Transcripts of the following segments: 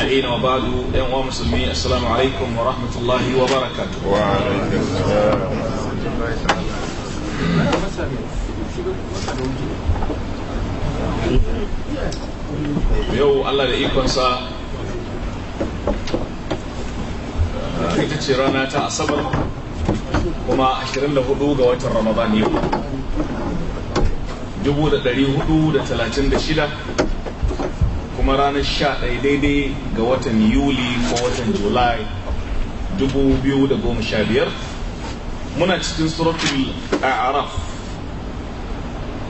أجمعين وبعد أيها المسلمين السلام عليكم ورحمة الله وبركاته وعليكم السلام yau Allah da ikonsa ita ce rana ta asabar kuma 24 ga watan ramadan yau 436 kuma ranar 11 daidai ga watan yuli ko watan julai sha biyar muna cikin suratul araf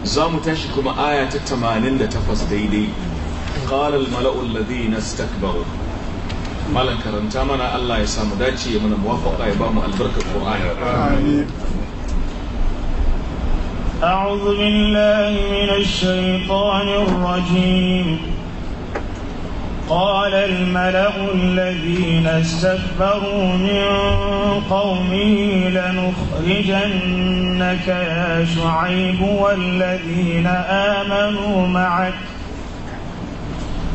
za mu tashi kuma aya ta tamanin da 88 daidai ƙalal mala'ul na stakbaru malam karanta mana allah ya samu dace ya mu muwafaka ya ba mu albarkar ƙura'ayi أعوذ بالله من الشيطان الرجيم قال الملأ الذين استكبروا من قومه لنخرجنك يا شعيب والذين آمنوا معك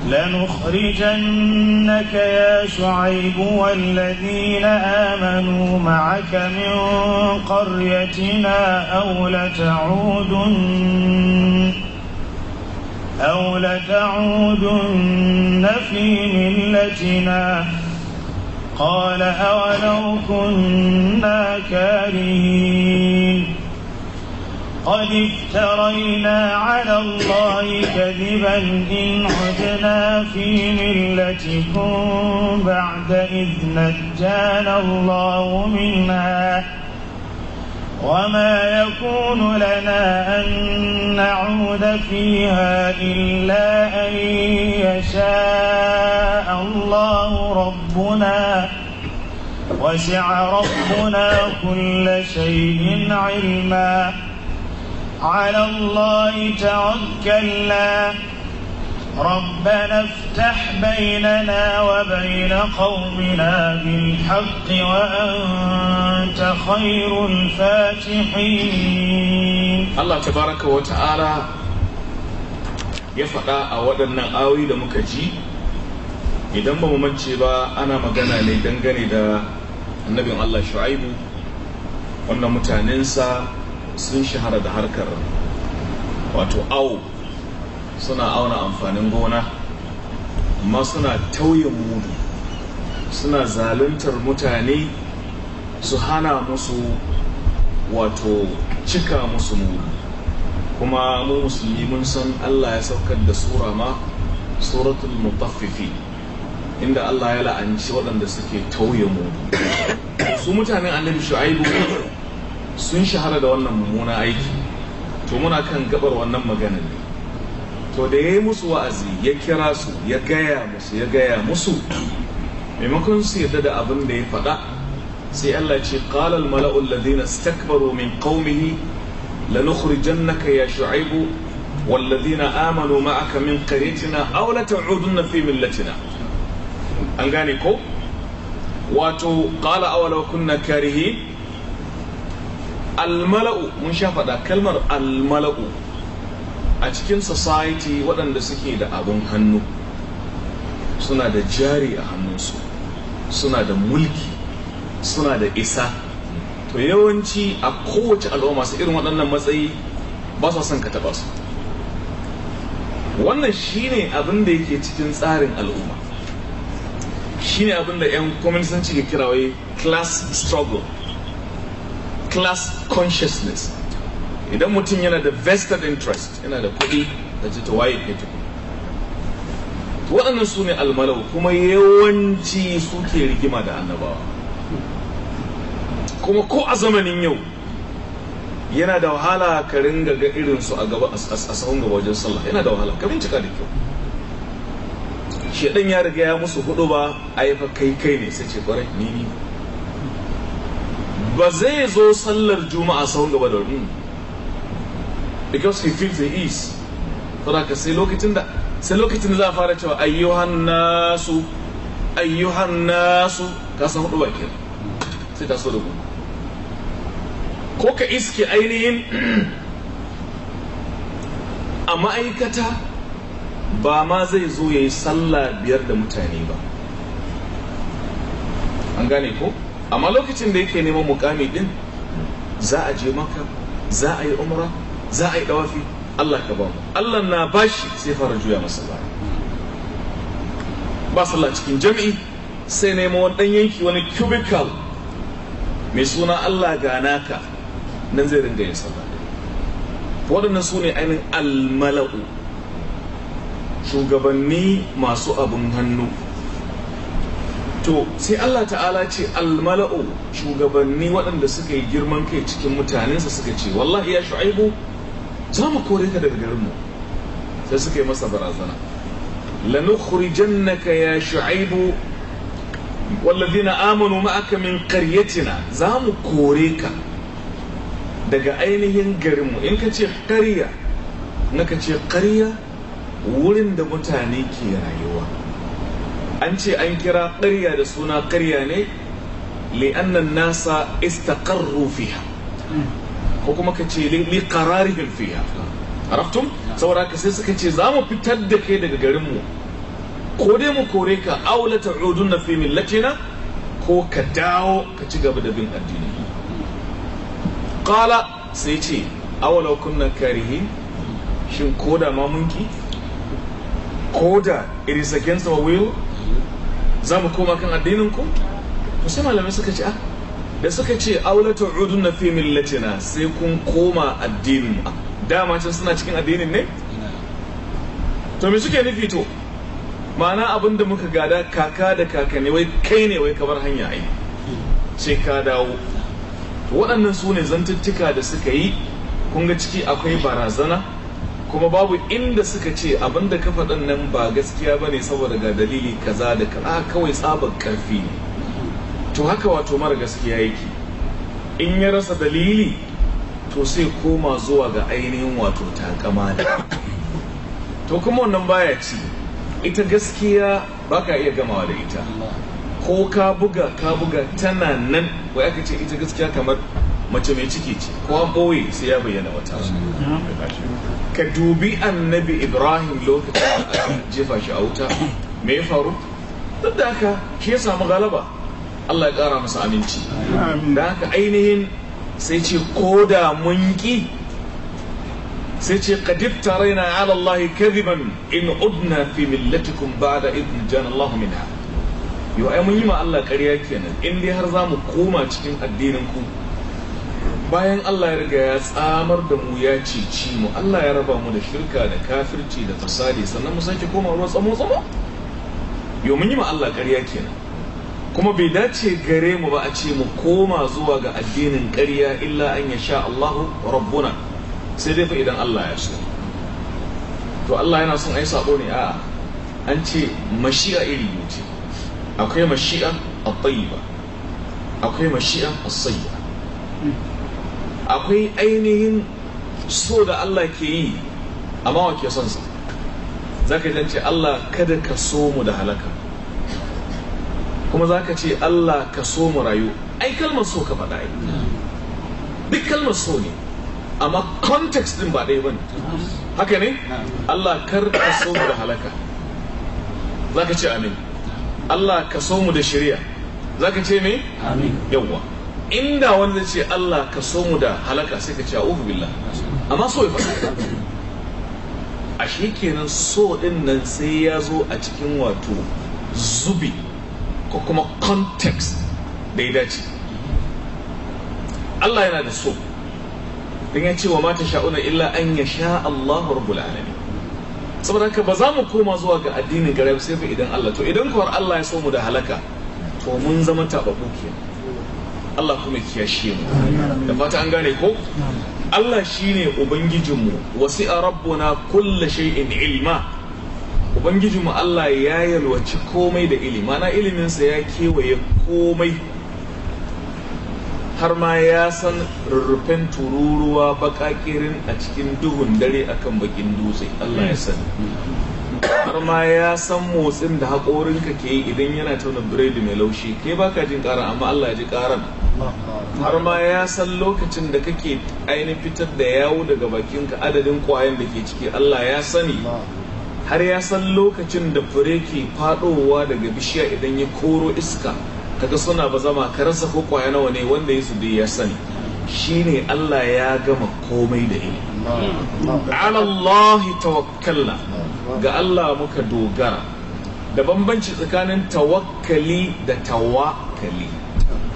لنخرجنك يا شعيب والذين آمنوا معك من قريتنا أو لتعودن أو لتعودن في ملتنا قال أولو كنا كارهين قد افترينا على الله كذبا إن عدنا في ملتكم بعد إذ نجانا الله منها وما يكون لنا أن نعود فيها إلا أن يشاء الله ربنا وسع ربنا كل شيء علما على الله توكلنا ربنا افتح بيننا وبين قومنا بالحق وأنت خير الفاتحين الله تبارك وتعالى يفقى أولا آوي لمكجي idan ba mu mance ba ana magana ne dangane da annabin Allah shu'aibu wannan mutanensa sun shahara da harkar wato awo suna auna amfanin gona amma suna tauye mudu suna zaluntar mutane su hana musu wato cika musu mudu kuma mu musulmi mun san allah ya saukar da sura ma suratul mutaffifi inda allah ya la'anci waɗanda suke tauye mudu su mutanen annabi shu'aibu sun shahara da wannan mummuna aiki to muna kan gabar wannan maganar ne to da ya yi musu wa'azi ya kira su ya gaya musu ya gaya musu maimakon su yadda da abin da ya faɗa sai Allah ce qala mala'u alladhina istakbaru min qaumihi lanukhrijannaka ya shu'aibu walladhina amanu ma'aka min qaryatina aw la ta'udunna fi millatina an gane ko wato qala awalaw kunna karihin al mala'u mun sha faɗa kalmar al mala'u a cikin society waɗanda suke da abin hannu suna da jari a hannunsu suna da mulki suna da isa to yawanci a kowace al'umma su irin waɗannan matsayi ba su son ka taɓa su wannan shine abin da yake cikin tsarin al'umma shine abin da 'yan kwaminisanci ke kirawai class struggle class consciousness idan mutum yana da vested interest yana da kuɗi da ce ta waye ke ta kuɗi waɗannan su ne almalau kuma yawanci su ke rigima da annabawa kuma ko a zamanin yau yana da wahala ka ringa ga irinsu a gaba a sahun gaba wajen sallah yana da wahala ka bincika da kyau shedan ya riga ya musu hudu ba a yi fa kai kai ne sai ce kwarai ni ni ba zai zo sallar juma'a sahun gaba da wani because he feels the ease saboda sai lokacin da sai lokacin da za a fara cewa ayyuhan nasu ayyuhan nasu ka san hudu bakin sai ta so da gudu ko ka iske ainihin a ma'aikata ba ma zai zo ya yi sallah biyar da mutane ba an gane ko amma lokacin da yake neman mukami din za a je maka za a yi umra za a yi dawafi Allah ka ba mu Allah na bashi sai fara juya masa ba ba sallah cikin jami'i sai nemo wani dan yanki wani cubicle mai suna Allah ga naka nan zai ringa yin sallah waɗannan su ne ainihin almala'u shugabanni masu abin hannu to sai Allah ta'ala ce almala'u shugabanni waɗanda suka yi girman kai cikin mutanensa suka ce wallahi ya shu'aibu za mu kore ka daga garinmu sai suka masa barazana lanukhrijannaka ya shu'aibu walladhina amanu ma'aka min qaryatina za mu kore ka daga ainihin garinmu in ka ce ƙarya naka ce ƙarya wurin da mutane ke rayuwa an ce an kira ƙarya da suna ƙarya ne li'annan nasa istaqarru fiha ko kuma ka ce li qararihim fiha arabtum saboda ka sai suka ce za mu fitar da kai daga garin mu ko dai mu kore ka aw la ta'udunna fi millatina ko ka dawo ka ci gaba da bin addini qala sai ce awalau kunna karihin shin koda ma munki koda it is against our will za mu koma kan addinin ku to sai malamai suka ce ah da suka ce aulatu udunna fi millatina sai kun koma addinin dama can suna cikin addinin ne to me suke nufi to mana abin da muka gada kaka da kakanni wai kai ne wai kamar hanya ai ce ka dawo waɗannan su ne zantuttuka da suka yi kun ga ciki akwai barazana kuma babu inda suka ce abin da ka nan ba gaskiya ba ne saboda ga dalili kaza da kaza kawai tsabar ƙarfi ne to haka wato mara gaskiya yake in ya rasa dalili to sai koma zuwa ga ainihin wato takama ne to kuma wannan baya ci ita gaskiya baka iya gamawa da ita ko ka buga ka buga tana nan wai aka ce ita gaskiya kamar mace mai ciki ce ko an boye sai ya bayyana wata ka dubi annabi ibrahim lokacin jefa shi a wuta me ya faru duk da haka shi samu galaba Allah ya ƙara masa aminci da haka ainihin sai ce ko da mun ƙi sai ce tare na ala Allah kadiban in udna fi millatikum da idin jan Allah minha yau ai mun yi ma Allah ƙarya kenan in dai har za mu koma cikin addinin ku bayan Allah ya riga ya tsamar da mu ya cici mu Allah ya raba mu da shirka da kafirci da fasadi sannan mu sake koma ruwa tsamo tsamo yau mun yi ma Allah ƙarya kenan kuma bai dace gare mu ba a ce mu koma zuwa ga addinin ƙarya illa an ya sha Allahu rabbuna sai dai fa idan Allah ya so to Allah yana son ai sabo ne a'a an ce mashi'a iri ce akwai mashi'a at-tayyiba akwai mashi'a as sayyia akwai ainihin so da Allah ke yi amma wa ke son sa zaka ji ce Allah kada ka so mu da halaka kuma za ka ce Allah ka so mu rayu ai kalmar so ka faɗa yi duk kalmar so ne amma context din ba ɗaya bane haka ne Allah kar ka so mu da halaka za ka ce amin Allah ka so mu da shari'a za ka ce me amin yawwa inda wanda ce Allah ka so mu da halaka sai ka ce a'udhu billah amma so ya faɗa ashe kenan so ɗin nan sai ya zo a cikin wato zubi ko kuma context da dace Allah yana da so don ya ce wa mata sha'una illa an ya sha Allah rabbul alamin saboda haka ba za mu koma zuwa ga addinin gare sai fa idan Allah to idan kuwar Allah ya so mu da halaka to mun zama tababu ke Allah kuma kiyashe mu da fata an gane ko Allah shine ubangijinmu wasi'a rabbuna kullu shay'in ilma ubangiji mu Allah ya yalwaci komai da ilimi mana iliminsa ya kewaye komai har ma ya san rurrufen tururuwa bakakirin a cikin duhun dare akan bakin dutse Allah ya sani har ma ya san motsin da haƙorinka ke yi idan yana tauna biredi mai laushi ke baka jin ƙara amma Allah ya ji ƙaran har ma ya san lokacin da kake ainihin fitar da yawo daga bakinka adadin ƙwayan da ke ciki Allah ya sani har ya san lokacin da fure ke fadowa daga bishiya idan ya koro iska kaga suna ba zama ka rasa ko kwaya nawa ne wanda ya su ya sani shine Allah ya gama komai da ilimi ala Allah ga Allah muka dogara da bambanci tsakanin tawakkali da tawakkali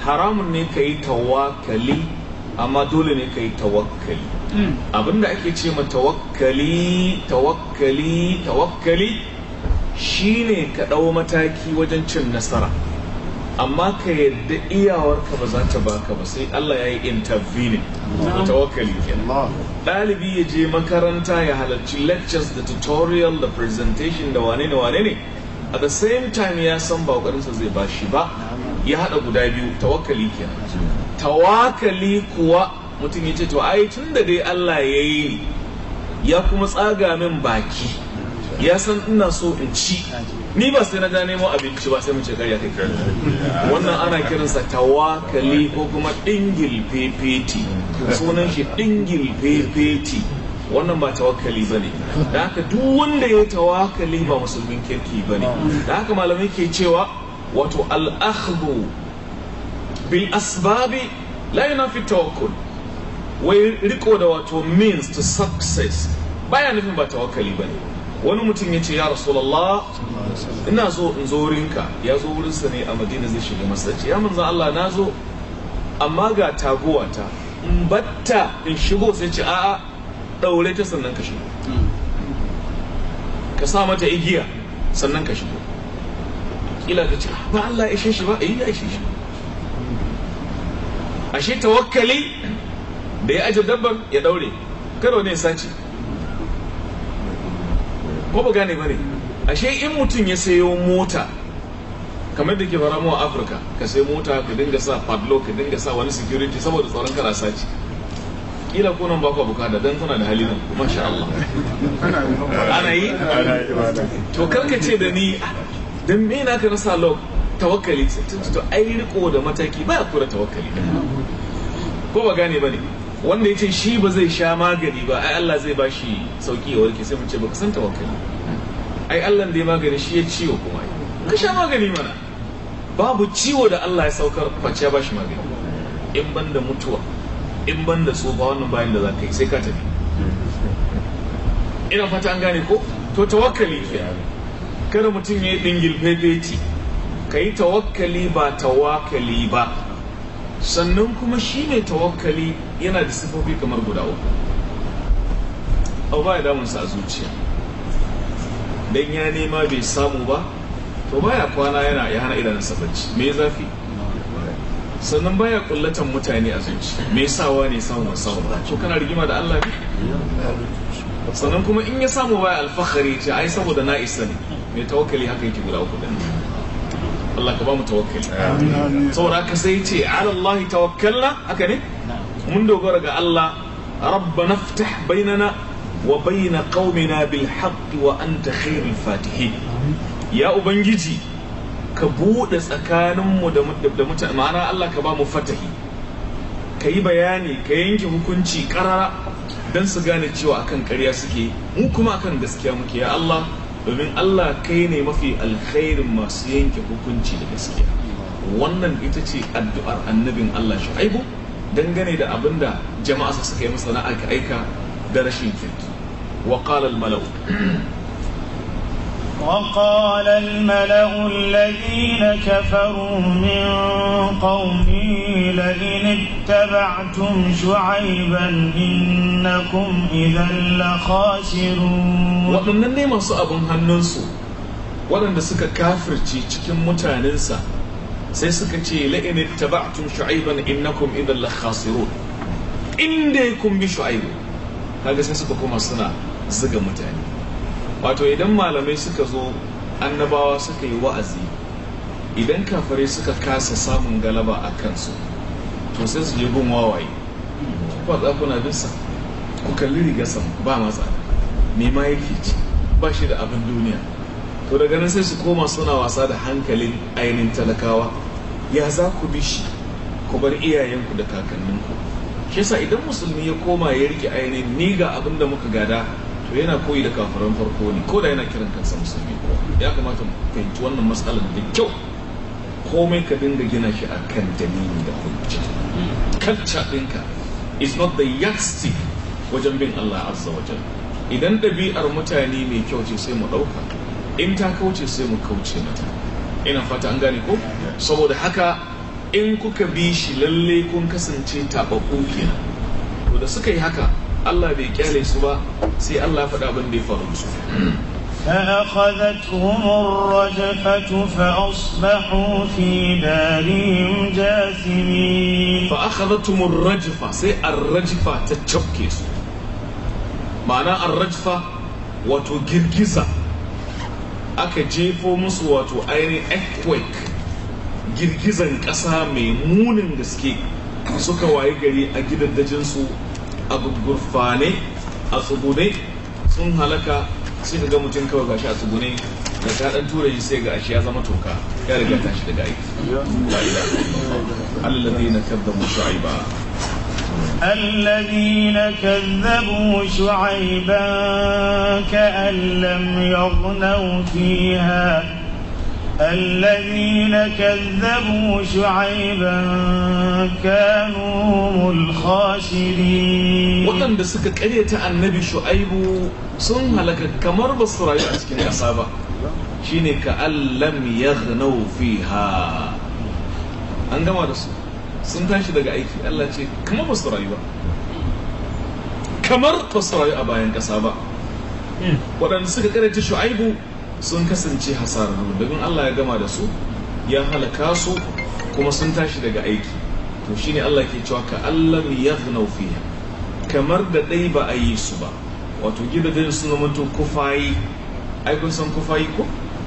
haramun ne ka yi tawakkali amma dole ne ka yi tawakkali Hmm. abinda ake ce ma tawakkali tawakkali tawakkali shine ka ɗau mataki wajen cin nasara amma ka yadda iyawarka ba za ta baka ba sai Allah ya yi intervening hmm. da tawakkali ɗalibi ya je makaranta ya halarci lectures da tutorial da presentation da wane ne wane ne at the same time ya san ba zai zai bashi ba ya haɗa guda biyu tawakkali kenan hmm. tawakali kuwa mutum ya ce to ai tun da dai Allah ya yi ni ya kuma tsaga min baki ya san ina so in ci ni ba sai na ja nemo abinci ba sai mu ce ya kai wannan ana kiransa tawakali ko kuma dingil fefeti sunan shi dingil fefeti wannan ba tawakali ba ne da haka duk wanda ya tawakali ba musulmin kirki ba ne da haka malamai ke cewa wato al'akhdu bil asbabi la yunafi tawakkul wai riko da wato means to success baya nufin ba tawakkali bane wani mutum ya ce ya rasulallah ina so in zo wurinka ya zo wurinsa ne a madina zai shiga masallaci ya manzo Allah na zo amma ga ta. in batta in shigo sai ce a'a daure ta sannan ka shigo ka sa mata igiya sannan ka shigo kila ka ce ba Allah ya ishe shi ba eh ya ishe shi ashe tawakkali da ya aje dabban ya daure karo ne sace ko ba gane bane ashe in mutum ya sayo mota kamar da ke fara mu a Afirka ka sayo mota ka dinga sa padlock ka dinga sa wani security saboda tsoron kara sace kila ko nan ba ku bukata dan kuna da hali nan masha Allah ana yi to karka ce da ni dan me na ka rasa lock tawakkali to ai riko da mataki ba ku da tawakkali ko ba gane bane wanda ya ce shi ba zai sha magani ba ai Allah zai ba shi sauki ya warke sai mu ce baka san tawakkali ai Allah da ya magani shi ya ciwo kuma ka sha magani mana babu ciwo da Allah ya saukar face ya ba shi magani in ban da mutuwa in ban da tsofa wannan bayan da za ka yi sai ka tafi ina fata an gane ko to tawakkali ke kada mutum ya yi dingil fefeti ka yi tawakkali ba tawakkali ba sannan kuma shi ne tawakkali yana da sifofi kamar guda uku abu ba ya sa a zuciya dan ya nema bai samu ba to baya kwana yana ya hana idanun sabanci me zafi sannan baya kullatan mutane a zuci me sawa ne samun samu ba to kana rigima da Allah ne sannan kuma in ya samu baya alfahari ce ai saboda na isa ne mai tawakkali haka yake guda uku din Allah ka ba mu tawakkali saboda haka sai ce ala Allah tawakkalna haka ne mun dogara ga Allah rabba naftah bainana wa baina qaumina bil haqqi wa anta khairul ya ubangiji ka bude tsakanin mu da mutane ma'ana Allah ka ba mu fatahi ka yi bayani ka yanke hukunci karara don su gane cewa akan ƙarya suke mu kuma akan gaskiya muke ya Allah domin Allah kai ne mafi alkhairin masu yanke hukunci da gaskiya wannan ita ce addu'ar annabin Allah shu'aibu dangane da abin da jama'a suka yi masa na aika aika da rashin kirki wa qala al وقال الملأ kafarumin كفروا من قومه لئن اتبعتم شعيبا إنكم إذا لخاسرون waɗannan ne masu abin hannunsu waɗanda suka kafirci cikin mutanensa sai suka ce la'in ittaba'tum shu'aiban innakum idan lakhasirun inda kun bi shu'aibu kaga sai suka kuma suna zuga mutane wato idan malamai suka zo annabawa suka yi wa'azi idan kafare suka kasa samun galaba a kansu to sai su je gun wawaye ba za kuna bisa ku kalli rigasan ba matsa me ma yake ci ba shi da abin duniya to daga nan sai su koma suna wasa da hankalin ainihin talakawa ya za ku bi shi ku bar iyayenku da kakanninku shi yasa idan musulmi ya koma ya rike ainihin ni ga abin da muka gada to yana koyi da kafiran farko ne ko da yana kiran kansa musulmi ya kamata mu fahimci wannan matsalar da kyau komai ka dinga gina shi akan dalili da hujja kacca ɗinka is not the yardstick wajen bin Allah azza wa idan ɗabi'ar mutane mai kyau ce sai mu ɗauka in ta kauce sai mu kauce mata ina fata an gane ko saboda haka in kuka bi shi lalle kun kasance taɓaɓɓu kenan to da suka yi haka Allah bai kyale su ba sai Allah faɗa abin da ya faru musu فأخذتهم الرجفة فأصبحوا في دارهم جاثمين فأخذتهم الرجفة سي الرجفة تتشبكيس معنى الرجفة واتو جرجزة أكا جيفو مسو واتو أيني أكويك girgizan ƙasa mai munin gaske suka waye gari a gidaddajinsu أبو غرفاني أصبوني سون هلاك سيد جامو تينكوا غاشا أصبوني لكن أنتو رجع سيد أشياء زما توكا يا رجع تاش تدعي الذين كذبوا شعيبا الذين كذبوا شعيبا كأن لم يغنوا فيها الذين كذبوا شعيبا كانوا هم الخاسرين وطن دسك قرية النبي شعيب سن هلك كمر بصر يا اسكن شيني كأن لم يغنوا فيها an gama da su sun tashi daga aiki Allah ce kamar ba su kamar ba su a bayan ƙasa ba hmm. waɗanda suka karanta shu'aibu sun kasance hasararru domin Allah ya gama da su ya halaka su kuma sun tashi daga aiki to shine Allah ke cewa ka Allah ya yaghnau fiha kamar da dai ba a yi su ba wato gidajen sun zama to kufayi ai san kufayi ko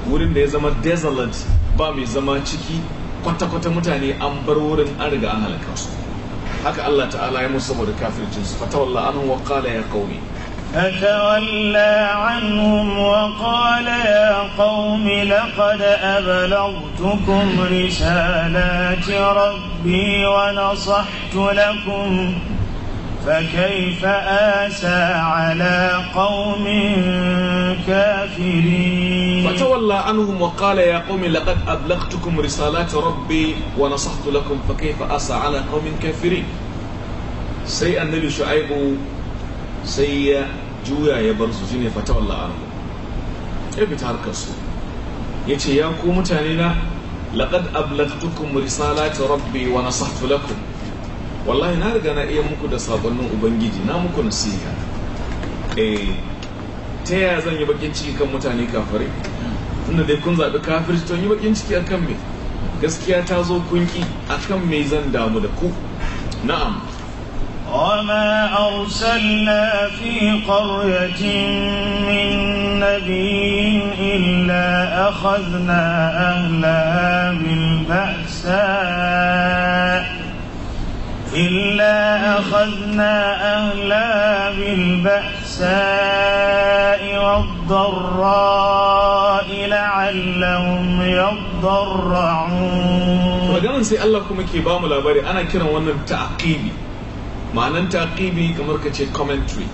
wurin da ya zama desolate ba mai zama ciki kwata-kwata mutane an bar wurin an riga an halaka su haka Allah ta'ala ya musu saboda kafircin su fatawalla anhu wa qala ya qaumi فتولى عنهم وقال يا قوم لقد أبلغتكم رسالات ربي ونصحت لكم فكيف آسى على قوم كافرين فتولى عنهم وقال يا قوم لقد أبلغتكم رسالات ربي ونصحت لكم فكيف آسى على قوم كافرين سيئا النبي شعيب سيئا juya ya bar su shine fata wallah anhu ya fita harkar su yace ya ku mutane na laqad risala risalati rabbi wa nasahtu lakum wallahi na riga na iya muku da sabonin ubangiji na muku nasiha eh ta yaya zan yi bakin ciki kan mutane kafare tunda dai kun zaɓi kafirci to yi bakin ciki akan me gaskiya ta zo kunki akan me zan damu da ku na'am وما أرسلنا في قرية من نبي إلا أخذنا أهلها بالبأساء إلا أخذنا أهلها بالبأساء والضراء لعلهم يضرعون. وقال sai Allah kuma ke ba mu labari ana kiran ma'anan taqibi kamar ka ce commentary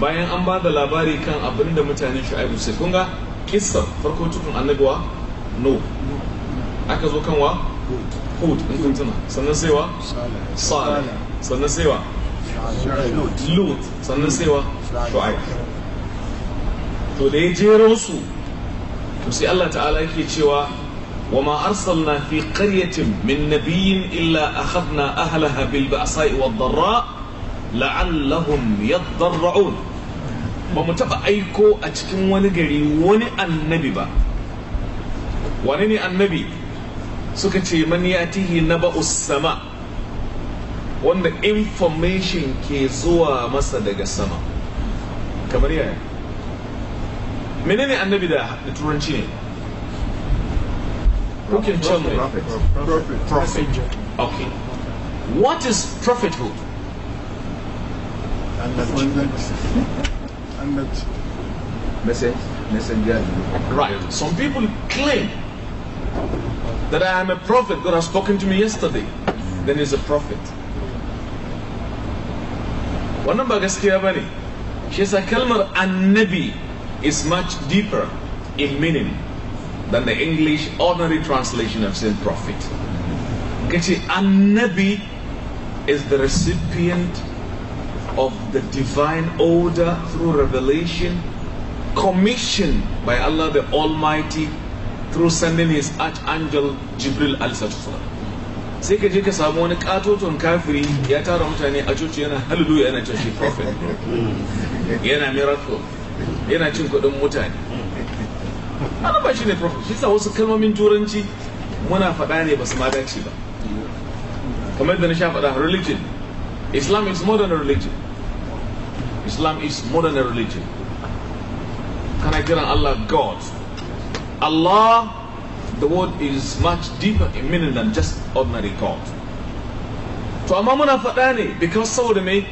bayan an ba da labari kan abin da mutane shu'aibu sai kunga kissa farko tukun annabawa no aka zo kanwa hud in kun tuna sannan saiwa salih sannan saiwa lut sannan saiwa shu'aib to da ya jero su to sai Allah ta'ala yake cewa وما أرسلنا في قرية من نبي إلا أخذنا أهلها بالبأساء والضراء لعلهم يضرعون ومتبع أيكو أتكن ونقري وني النبي با ونني النبي سكتي من يأتيه نبأ السماء wanda information ke zuwa masa daga sama kamar yaya menene annabi da Who can tell me? Prophet. Prophet. Prophet. Okay. What is prophethood? And that message, messenger. Right. Some people claim that I am a prophet. God has spoken to me yesterday. Then he's a prophet. Wannan ba gaskiya bane. She's a kalmar annabi is much deeper in meaning than the English ordinary translation of saying prophet. Kachi An-Nabi is the recipient of the divine order through revelation, commissioned by Allah the Almighty through sending his archangel Jibril al-Satufar. Sai ka je ka samu wani katoton kafiri ya tara mutane a coci yana hallelujah yana coci prophet yana miracle yana cin kuɗin mutane ana ba shi ne prophet shi sa wasu kalmomin turanci muna faɗa ne ba su ma dace ba kamar da na sha faɗa religion islam is more than a religion islam is more than a religion kana kiran allah god allah the word is much deeper in meaning than just ordinary god to amma muna faɗa ne because saboda me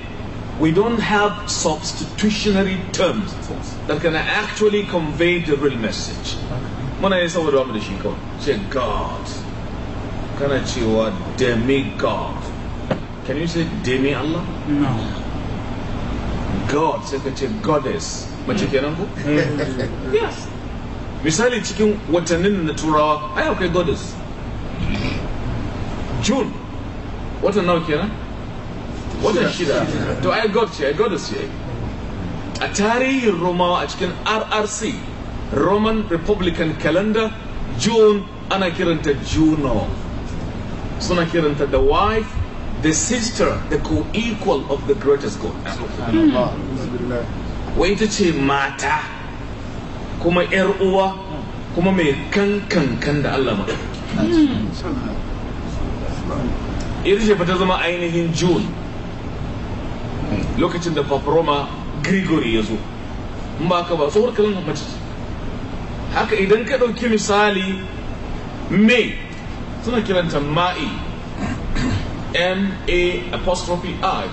we don't have substitutionary terms that can actually convey the real message. Muna yasa wa da God. Can cewa demi-God. Can you say demi-Allah? No. God Say ka goddess. Mace mm. kenan mm. Yes. Misali cikin watannin na turawa, ai akwai goddess. June. Watan nawa kenan? wata shida to ai god ce ai goddess ce a tarihin romawa a cikin rrc roman republican calendar june ana kiranta juno suna kiranta the wife the sister the co-equal of the greatest god hmm. wai ita ce mata kuma yar uwa kuma mai kan da allah maka hmm. ita ce ba ta zama ainihin june lokacin da paparoma gregory ya zo in ba ka ba tsohuwar kalin mace haka idan ka ɗauki misali me suna kiranta ma'i m-a apostrophe i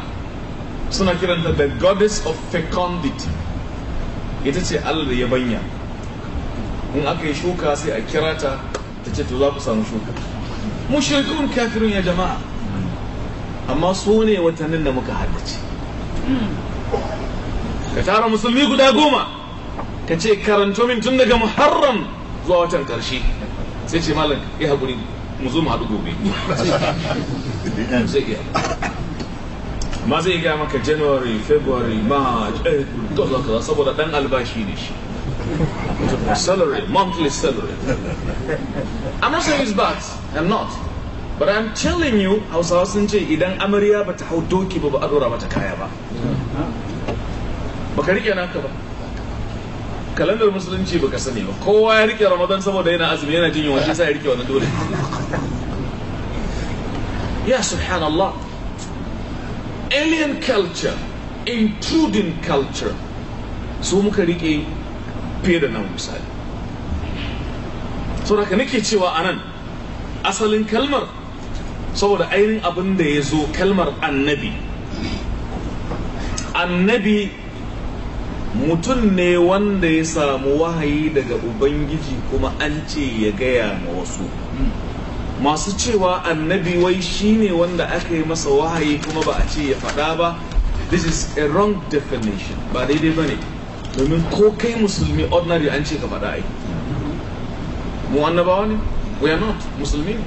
suna kiranta the goddess of fecundity ita ce allah da yabanya in aka yi shuka sai a kira ta ta ce to za ku samu shuka mushrikun kafirin ya jama'a amma su ne watannin da muka haddace ka tara musulmi guda goma ka ce karanto min tun daga muharram zuwa watan karshe sai ce malam ya haƙuri mu zo mu haɗu gobe zai iya ma zai gaya maka january february march april dole kaza saboda dan albashi ne shi salary monthly salary i'm not saying it's bad i'm not but i'm telling you hausawa sun ce idan amarya bata hau doki ba ba a dora mata kaya ba baka rike naka ba kalandar musulunci baka sani ba kowa ya rike ramadan saboda yana azumi yana jin yunwa shi sai ya rike wannan dole ya subhanallah alien culture intruding culture su muka rike fiye da nan misali saboda ka nake cewa anan asalin kalmar saboda ainihin abin da ya zo kalmar annabi annabi mutum ne wanda ya samu wahayi daga ubangiji kuma an ce ya gaya ma wasu masu cewa annabi wai shine wanda aka yi masa wahayi kuma ba a ce ya faɗa ba this is a wrong definition ba daidai ba ne domin ko kai musulmi ordinary an ce ka faɗa ai mu annabawa ne we are not musulmi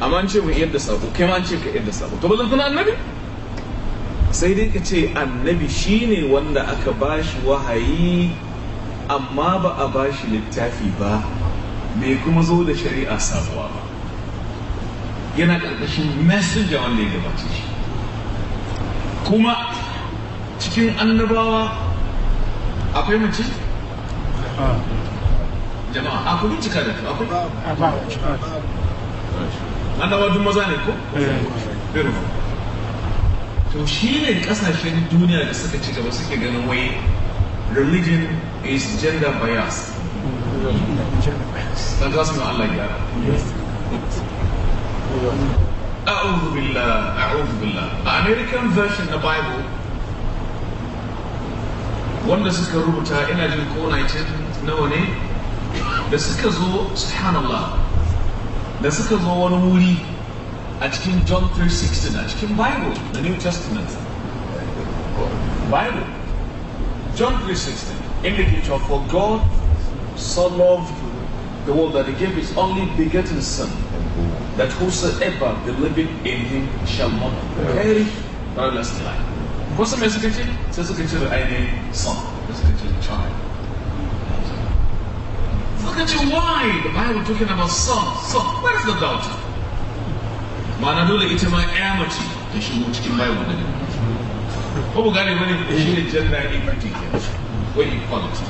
amma an ce mu yadda sabo kai ma an ce ka yadda sabo to ba zan annabi sai dai ka ce annabi shine wanda aka ba shi wahayi amma ba a ba shi littafi ba bai kuma zo da shari'a sabuwa ba yana ƙarƙashin messenger wanda ya gabace shi kuma cikin annabawa akwai mace jama'a akwai bincika da ba annabawa duk maza ne ko? Eh. to shi ne kasashen duniya da suka ci gaba suke ganin wai religion is gender bias ta za su Allah gyara a'udhu billah a'udhu billah a american version na bible wanda suka rubuta ina jin ko 19 nawa ne da suka zo subhanallah da suka zo wani wuri Açayım John three sixteen. 3.16'ını, açayım Bible, the New Testament. Bible. John 3.16, in the future, for God so loved the world that he gave his only begotten Son, that whosoever believing in him shall not perish, but everlasting life. Wasu mai suka ce? Sai suka ce da ainihin son, da suka ce child. at ce why the Bible talking about son, son, where is the daughter? ma'ana dole ita ma ya mace ta shigo cikin bayan wannan ne ko mu gane da eh. shi ne janna equity ke ko equality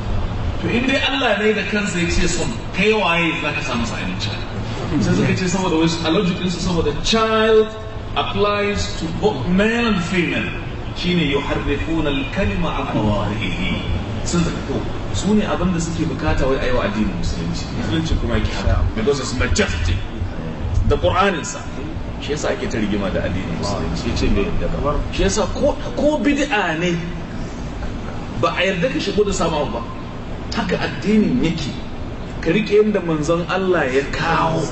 to in dai Allah ne da kansa ya ce son kai waye za ka samu sa'ani child sai suka ce saboda wasu a logic saboda child applies to both male and female Shi yau harbe al-kalima a mawadihi sun zaka to oh, su ne abinda suke bukata wai ayi addinin musulunci musulunci kuma ya yake hada because it's majestic da qur'anin shi yasa ake ta rigima da addinin ah, musulunci ya ce mai yadda kamar. shi yasa ko bid'a ne ba a yarda ka shigo da samun ba haka addinin yake ka rike yadda manzon Allah ya kawo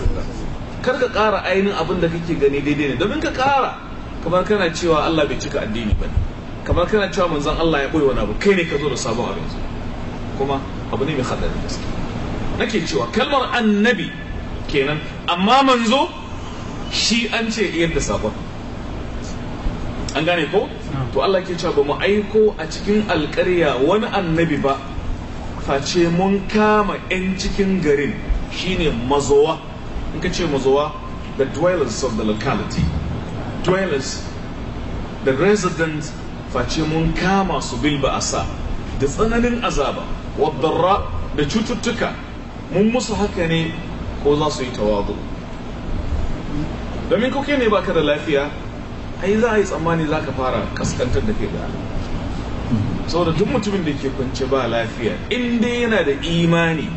kar ka ƙara ainihin abin da kake gani daidai ne domin ka ƙara kamar kana cewa Allah bai cika addini ba kamar kana cewa manzon Allah ya koyi wani abu kai ne ka zo da sabon abin kuma abu ne mai haɗari gaske nake cewa kalmar annabi kenan amma manzo shi an ce da sabon an gane ko to Allah ke cewa ba mu aiko a cikin alƙarya wani annabi ba face mun kama 'yan cikin garin shine mazowa in ka ce mazowa the dwellers of the locality dwellers the residents face mun kama su a sa da tsananin azaba wadda da cututtuka mun musu haka ne ko za su yi tawadu domin kuke ne baka da lafiya ai za a yi tsammani za ka fara kaskantar da kai da saboda duk mutumin da ke kwance ba lafiya in dai yana da imani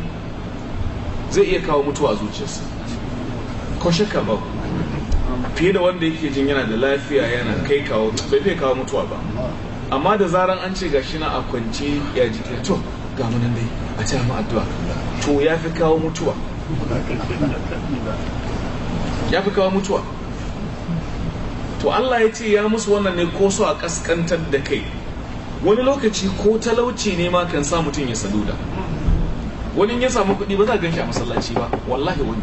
zai iya kawo mutuwa a zuciyarsa ko shakka ba fiye da wanda yake jin yana da lafiya yana kai kawo bai fiye kawo mutuwa ba amma da zaran an ce gashi na a kwance ya ji to ga munan nan dai a ce mu addu'a to ya fi kawo mutuwa ya fi kawo mutuwa to Allah ya ce ya musu wannan ne ko so a kaskantar da kai wani lokaci ko talauci ne ma kan sa mutum ya saduda wani ya samu kuɗi ba za a ganshi shi a masallaci ba wallahi wani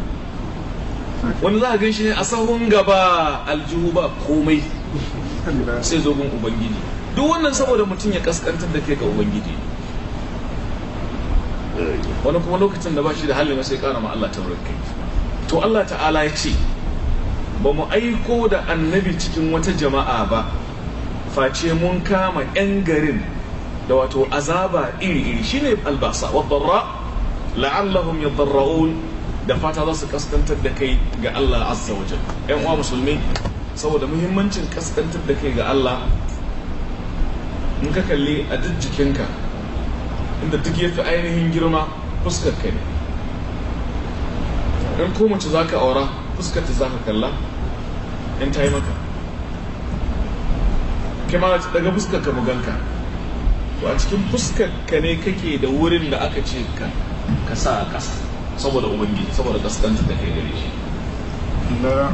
wani za a gan shi ne a sahun gaba aljihu ba komai sai zogon ubangiji duk wannan saboda mutum ya kaskantar da kai ga ubangiji wani kuma lokacin da ba shi da halin sai kara ma Allah ta to Allah ta'ala ya ce ba mu aiko da annabi cikin wata jama'a ba face mun kama 'yan garin da wato azaba iri-iri shine albasa wadda la'allahum yadarra'un da fata za su kaskantar da kai ga Allah azza wa jal Yan uwa musulmi saboda muhimmancin kaskantar da kai ga Allah in ka kalli a duk jikinka inda duk yafi ainihin girma fuskar ka ne in ko mace zaka aura fuskar ta ka kalla in ta yi maka kama daga fuskar ka muganka to a cikin fuskar ka ne kake da wurin da aka ce ka ka sa a ƙasa saboda ubangiji saboda gaskanta da kai gare shi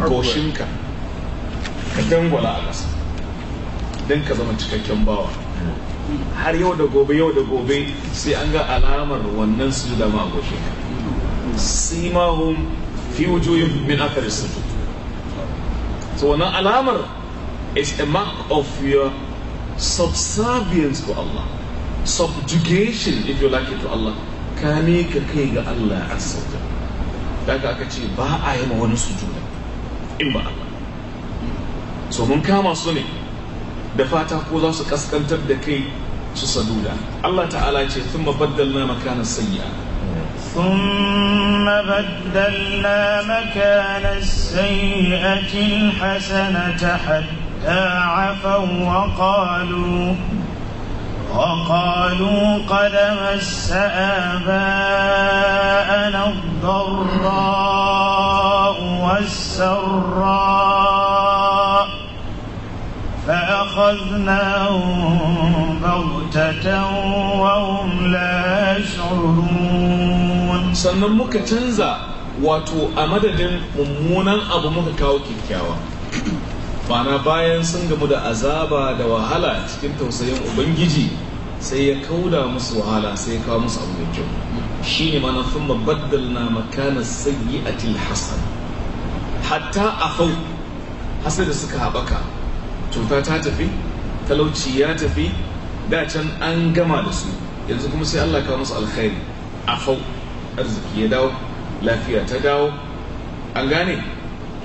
goshinka ka dangwala a ƙasa don ka zama cikakken bawa har yau da gobe yau da gobe sai an ga alamar wannan su da ma goshinka simahum fi wujuhin min akari sujud so wannan alamar is a mark of your subservience to Allah subjugation if you like it to Allah ka ne ka kai ga Allah azza wa ka aka ce ba a yi ma wani sujuda in ba Allah so mun kama su ne da fata ko za su kaskantar da kai su saduda Allah ta'ala ce thumma baddalna makana sayyana ثم بدلنا مكان السيئة الحسنة حتى عفوا وقالوا وقالوا قد مس آباءنا الضراء والسراء فأخذناهم بغتة وهم لا يشعرون sannan muka canza wato a madadin mummunan abu muka kawo kyakkyawa bana bayan sun gamu da azaba da wahala cikin tausayin ubangiji sai ya kauda musu wahala sai ya kawo musu abu mai kyau shi ne mana sun mabaddal na makana sayyi'atil hasan hatta afau hasar da suka haɓaka cuta ta tafi talauci ya tafi da can an gama da su yanzu kuma sai Allah kawo musu alkhairi afau arziki ya dawo lafiya ta dawo an gane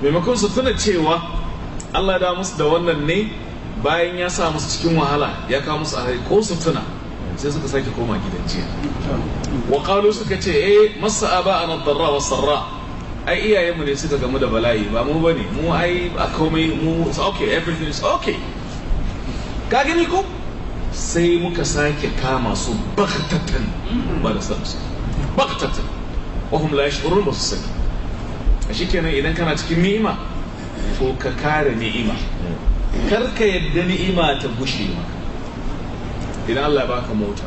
maimakon su tuna cewa Allah da musu da wannan ne bayan ya sa musu cikin wahala ya kawo musu alhari ko su tuna sai suka sake koma gidan jiya wa kalu suka ce eh masa aba nan darra wa sarra ai iyayenmu ne suka gamu da bala'i ba mu bane mu ai a komai mu it's okay everything is okay ka gani ko sai muka sake kama su bakatatan ba da sarsu baktatin wahum la yashurun ba su sani a kenan idan kana cikin ni'ima to ka kare ni'ima kar ka yadda ni'ima ta gushe maka idan Allah ya baka mota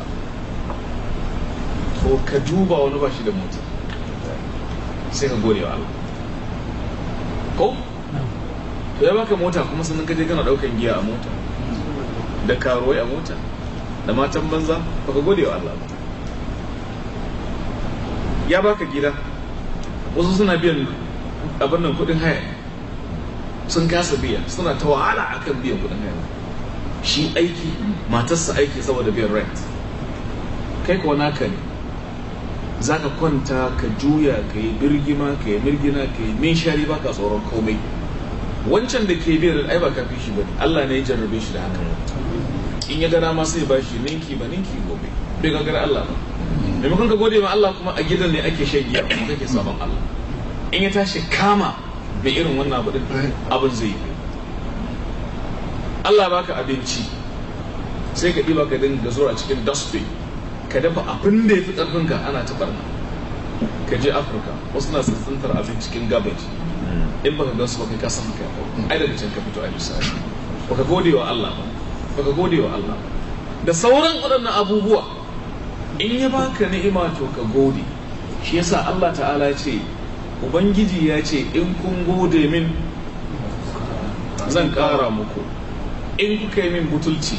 to ka duba wani ba shi da mota sai ka gode wa Allah ko to ya baka mota kuma sannan ka je kana daukan giya a mota da karuwai a mota da matan banza ba ka gode wa Allah ba ya baka gida wasu suna biyan abin nan kudin haya sun kasa biya suna ta wahala akan biyan kudin haya shi aiki matarsa aiki saboda biyan rent kai kuwa naka ne za ka kwanta ka juya ka yi birgima ka yi mirgina ka yi minshari ba ka tsoron komai wancan da ke biyan ai ba ka fi shi ba Allah ne ya jarrabe shi da haka in ya gana ma sai ba shi ninki ba ninki gobe bai gara Allah ba maimakon ka gode ma Allah kuma a gidan ne ake shan giya kuma kake sabon Allah in ya tashi kama da irin wannan abu din abin zai yi Allah baka abinci sai ka ɗiba ka dinga zuwa cikin dustbin ka dafa abin da ya fi ka ana ta barna ka je afirka wasu na tsantsantar abin cikin garbage in baka gansu ba kai ka san ka ai da can ka fito a misali baka gode wa Allah ba baka gode wa Allah da sauran waɗannan abubuwa in ya baka ni'ima to ka gode shi yasa Allah ta'ala ce ubangiji ya ce in kun gode min zan ƙara muku in kuka yi min butulci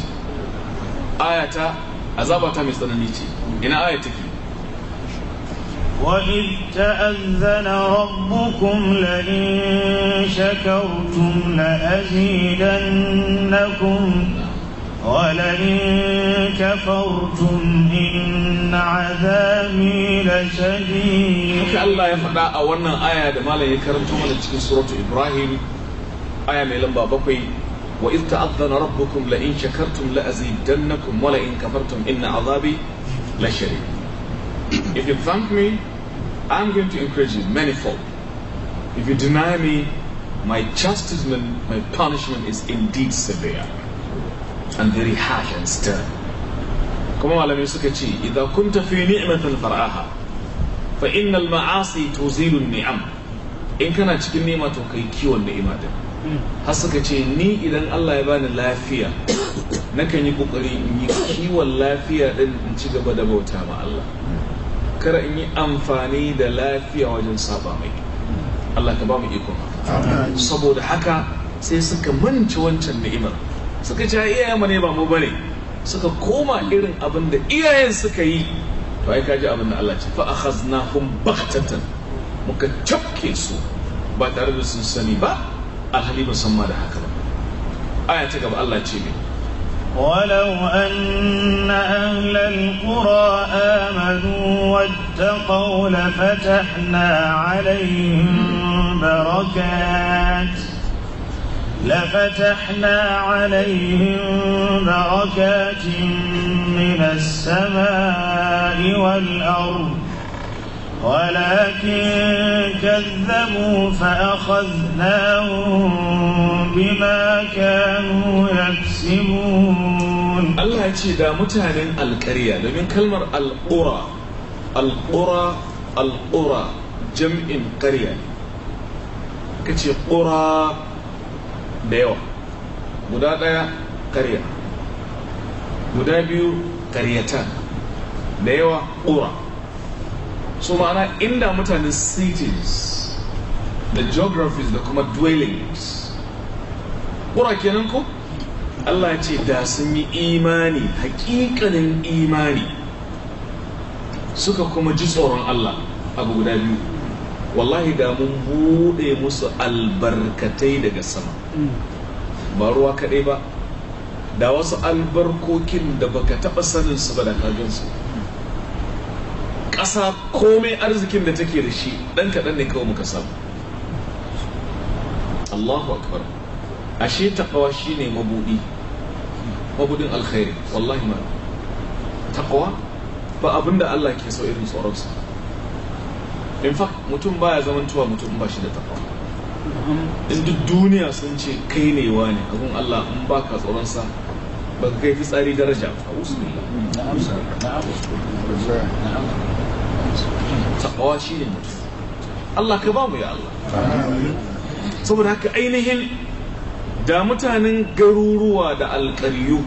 ayata azabata mai tsanani ce ina aya take وإذ تأذن ربكم لئن شكرتم لأزيدنكم ولئن كفرتم إن عذابي لشديد haka Allah ya faɗa a wannan aya da malami ya karanto mana cikin suratu Ibrahim aya mai lamba bakwai wa idh ta'adhana rabbukum la in shakartum na azidannakum wa la in kafartum inna azabi la shadid if you thank me I'm going to encourage you manifold if you deny me my chastisement my punishment is indeed severe and very harsh and stern kuma malamai suka ce idza kunta fi ni'matin far'aha fa innal ma'asi tuzilu ni'am in kana cikin nema to kai kiwon ni'ima din hmm. har suka ce ni idan Allah ya bani lafiya nakan yi kokari in yi kiwon lafiya ɗin in ci gaba da bauta ma Allah kar in yi amfani da lafiya wajen saba mai Allah ka ba mu ikon haka saboda haka sai suka manci wancan ni'imar suka ce iyayen mu ne ba mu bane suka koma irin abin da iyayen suka yi to ai kaji abin da Allah ce fa akhaznahum baghtatan muka cafke su ba tare da sun sani ba alhali ba san ma da haka ba aya ta gaba Allah ce mai ولو أن أهل القرى آمنوا واتقوا لفتحنا عليهم بركات لفتحنا عليهم بركات من السماء والأرض ولكن كذبوا فأخذناهم بما كانوا يكسبون الله يتي دا متانين القرية لمن كلمة القرى القرى القرى جمع قرية كتي قرى da yawa guda ɗaya karya guda biyu karyata da yawa kura su ma'ana inda mutanen cities da geographies da kuma dwellings kura kenan ko Allah ce da sun yi imani hakikanin imani suka kuma ji tsoron Allah abu guda biyu wallahi da mun buɗe musu albarkatai daga sama ba ruwa kaɗai ba da wasu albarkokin da baka taɓa sanin su ba da kajin su ƙasa komai arzikin da take da shi ɗan kaɗan ne kawai muka samu Allahu akbar ashe taɓawa shi ne mabuɗi mabuɗin alkhairi wallahi ma taɓawa ba abin da Allah ke so irin sa. in fact mutum baya zamantuwa mutum ba shi da taɓawa in duk duniya sun ce kai ne wa ne abin Allah in ba ka tsoronsa ba ka kai fitsari daraja a takawa shi ne mutu Allah ka ba mu ya Allah saboda haka ainihin da mutanen garuruwa da alƙaryu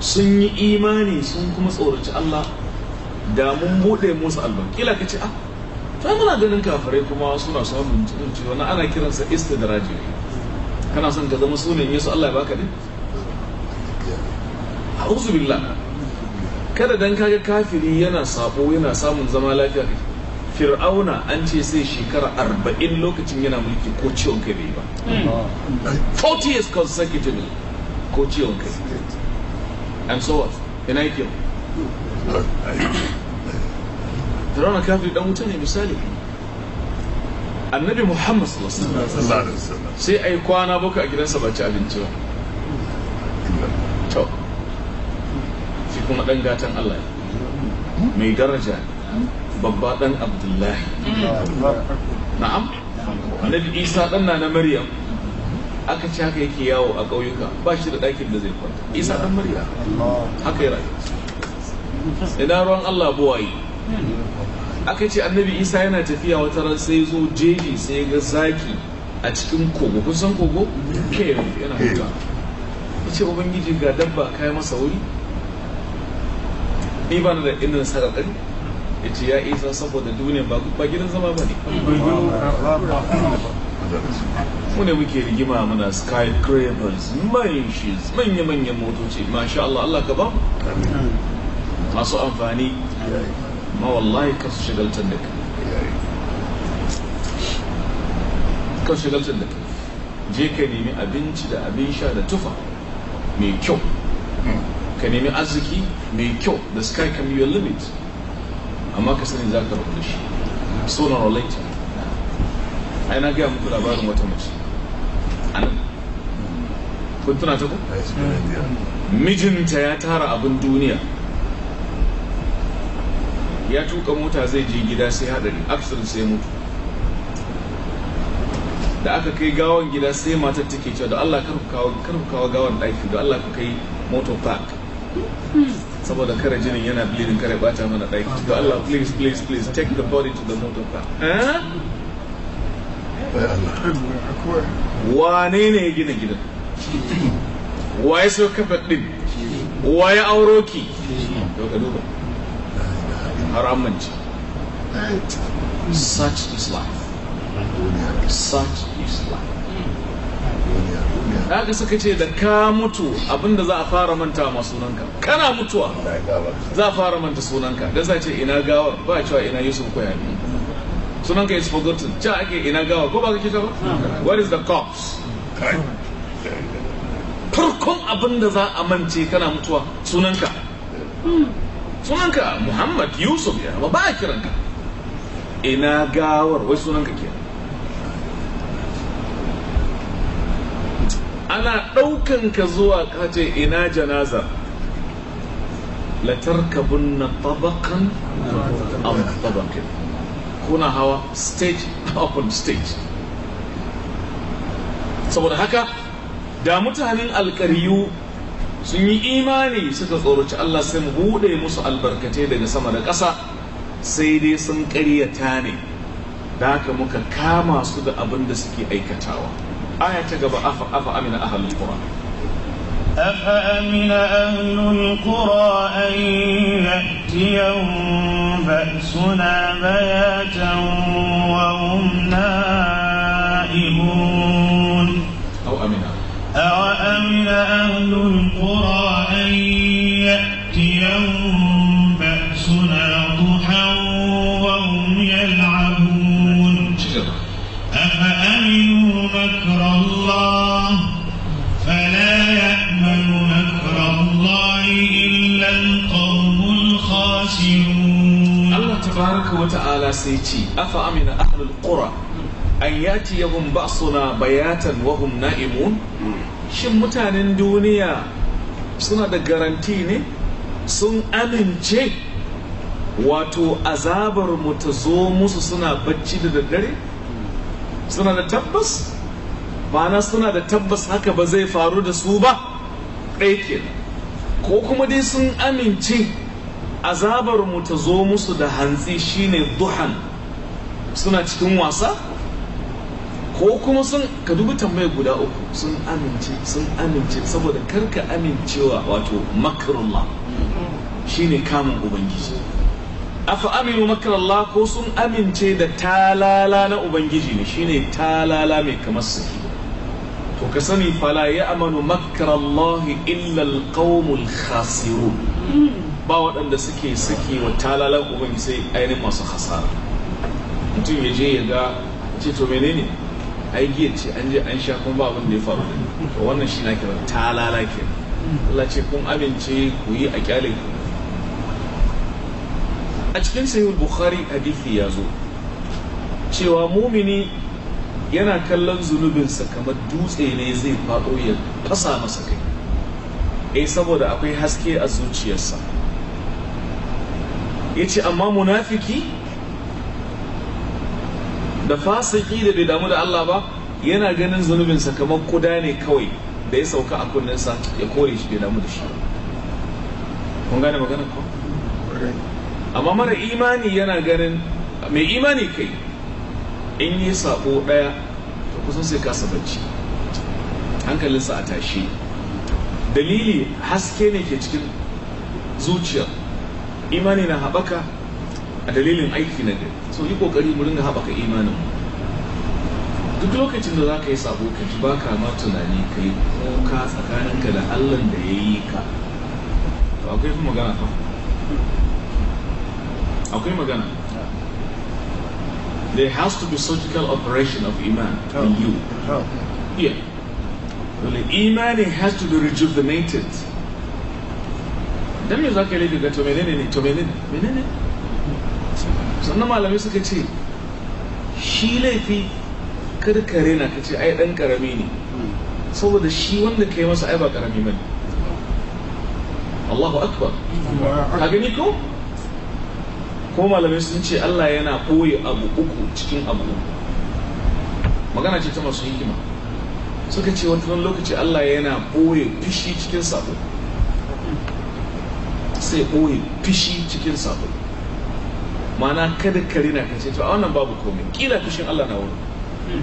sun yi imani sun kuma tsoraci Allah da mun buɗe musu alban ila ka ce ah to muna ganin kafirai kuma suna samun cikin wani ana kiransa istidraji kana son ka zama sunan yesu Allah ya baka ne uzu billah kada dan kaga kafiri yana sabo yana samun zama lafiya fir'auna an ce sai shekara arba'in lokacin yana mulki ko ciwon kai bai ba 40 years consecutively ko ciwon kai and so what I kill. fir'auna kafiri dan wuta ne misali annabi muhammad sallallahu alaihi wasallam sai ai kwana baka a gidansa ba ci abinci ba to shi kuma dan gatan Allah mai daraja babba dan abdullahi na'am annabi isa dan na maryam aka ci haka yake yawo a ƙauyuka ba shi da ɗakin da zai kwanta isa dan maryam haka ya rayu ina ruwan Allah buwayi aka ce annabi isa yana tafiya wata ran sai zo jeji sai ga zaki a cikin kogo kun san kogo ke yana huta ya ce ubangiji ga dabba kai masa wuri ni ba da irin sarakari ya ce ya isa saboda duniya ba gidan zama ba ne mu ne muke rigima muna skyscrapers manyan manya-manyan motoci masha Allah Allah ka ba masu amfani ma wallahi kan su shigaltar da kai kan shigaltar da kai je ka nemi abinci da abin sha da tufa mai kyau ka nemi arziki mai kyau the sky can be your limit amma ka sani za ka rubuta shi sooner or later ai na gaya muku labarin wata mace anan kun tuna ta ku mijinta ya tara abin duniya ya tuka mota zai je gida sai hadari accident sai mutu da aka kai gawan gida sai matar take cewa da Allah kar ku kawo gawan daki da Allah ka kai motor park saboda kare jinin yana bleeding kare bata mana daki. da Allah please please please take the body to the motor park eh? wane ne ya gina gidan waye so kafa ɗin waye auro ki ka duba har amince such is life such is life haka suka ce da ka mutu abinda za a fara manta ma sunanka kana mutuwa za a fara manta sunanka da za ce ina gawa ba cewa ina yusuf ko yabi sunanka is forgotten cewa ake ina gawa ko ba ka ta ba what is the corpse farkon abinda za a mance kana mutuwa sunanka sunanka muhammad yusuf ya ba a kiranka ina gawar wai sunanka ke ana ɗaukan ka zuwa kace ina janaza latarkabunna tabakan am tabakin kuna hawa stage upon stage saboda haka da mutanen alkariyu sun yi imani suka tsoroci Allah sai mu buɗe musu albarkatai daga sama da ƙasa sai dai sun ƙaryata ne da haka muka kama su da abin da suke aikatawa aya ta gaba afa afa amina ahlul qura أفأمن أهل القرى أن يأتيهم بأسنا بياتا وهم نائمون أوأمن أهل القرى أن يأتيهم بأسنا ضحى وهم يلعبون أفأمنوا مكر الله فلا يأمن مكر الله إلا القوم الخاسرون الله تبارك وتعالى سيتي أفأمن أهل القرى an yati su na bayatan wa na'imun shin mutanen duniya suna da garanti ne sun amince wato azabar mu ta zo musu suna bacci da daddare suna da tabbas ma'ana suna da tabbas haka ba zai faru da su ba ɗaike ko kuma dai sun amince azabar mu ta zo musu da hantsi shine duhan suna cikin wasa ko kuma sun ka dubi tambayar guda uku sun amince sun amince saboda karka amincewa wato makarullah shine kamun ubangiji afa aminu makarulla ko sun amince da talala na ubangiji ne shine talala mai kamar saki to ka sani fala ya amanu makarallahi illa alqaumul khasiru ba waɗanda suke saki wa talalan ubangiji sai ainihin masu hasara mutum ya je ya ga ce to menene ai giya ce an je an sha kuma ba abin da ya faru da wannan shi na kiran talala ke Allah ce kun amince ku yi a kyale ku a cikin sahihul bukhari hadithi ya zo cewa mumini yana kallon zunubinsa kamar dutse ne zai faɗo ya fasa masa kai eh saboda akwai haske a zuciyarsa yace amma munafiki da fasiki da bai damu da Allah ba yana ganin zunubinsa kamar kuda ne kawai da ya sauka a kunninsa ya kore shi bai damu da shi kun gane magana ko amma mara imani yana ganin mai imani kai in yi sako daya to kusan sai kasa bacci hankalinsa a tashi dalili haske ne ke cikin zuciya imani na haɓaka a dalilin aiki na gari so yi kokari mu ringa haɓaka imanin duk lokacin da za ka yi sabo ka ji ka ma tunani ka yi kuka tsakaninka da allan da ya yi ka akwai fi magana fa akwai magana there has to be surgical operation of iman in you here the iman has to be rejuvenated dan me za ka yi lafi ga to menene ne to menene menene sannan malamai suka ce shi laifi karkare na kace ai dan karami ne saboda shi wanda yi masa ai ba karami ba ne. Allahu akbar ka gani ko ko malamai sun ce Allah yana koyi abu uku cikin abu magana ce ta masu hikima suka ce wata lokaci Allah yana ɓoye fishi cikin sabo sai ɓoye fishi cikin sabo ma'ana kada ka rina ka to a wannan babu komai kila fushin Allah na wuri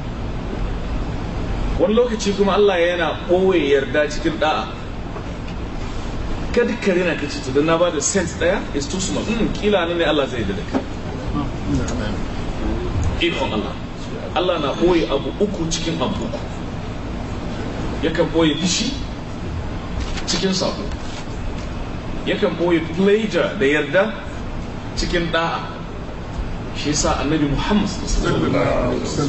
wani lokaci kuma Allah yana ɓoye yarda cikin ɗa'a. kada ka rina ka to don na ba da sense ɗaya is too small mm, kila ne Allah zai da ka ikon Allah Allah na ɓoye abu uku cikin abu uku yakan ɓoye bishi cikin sabo yakan ɓoye pleasure da yarda cikin ɗa'a. shi yasa annabi muhammad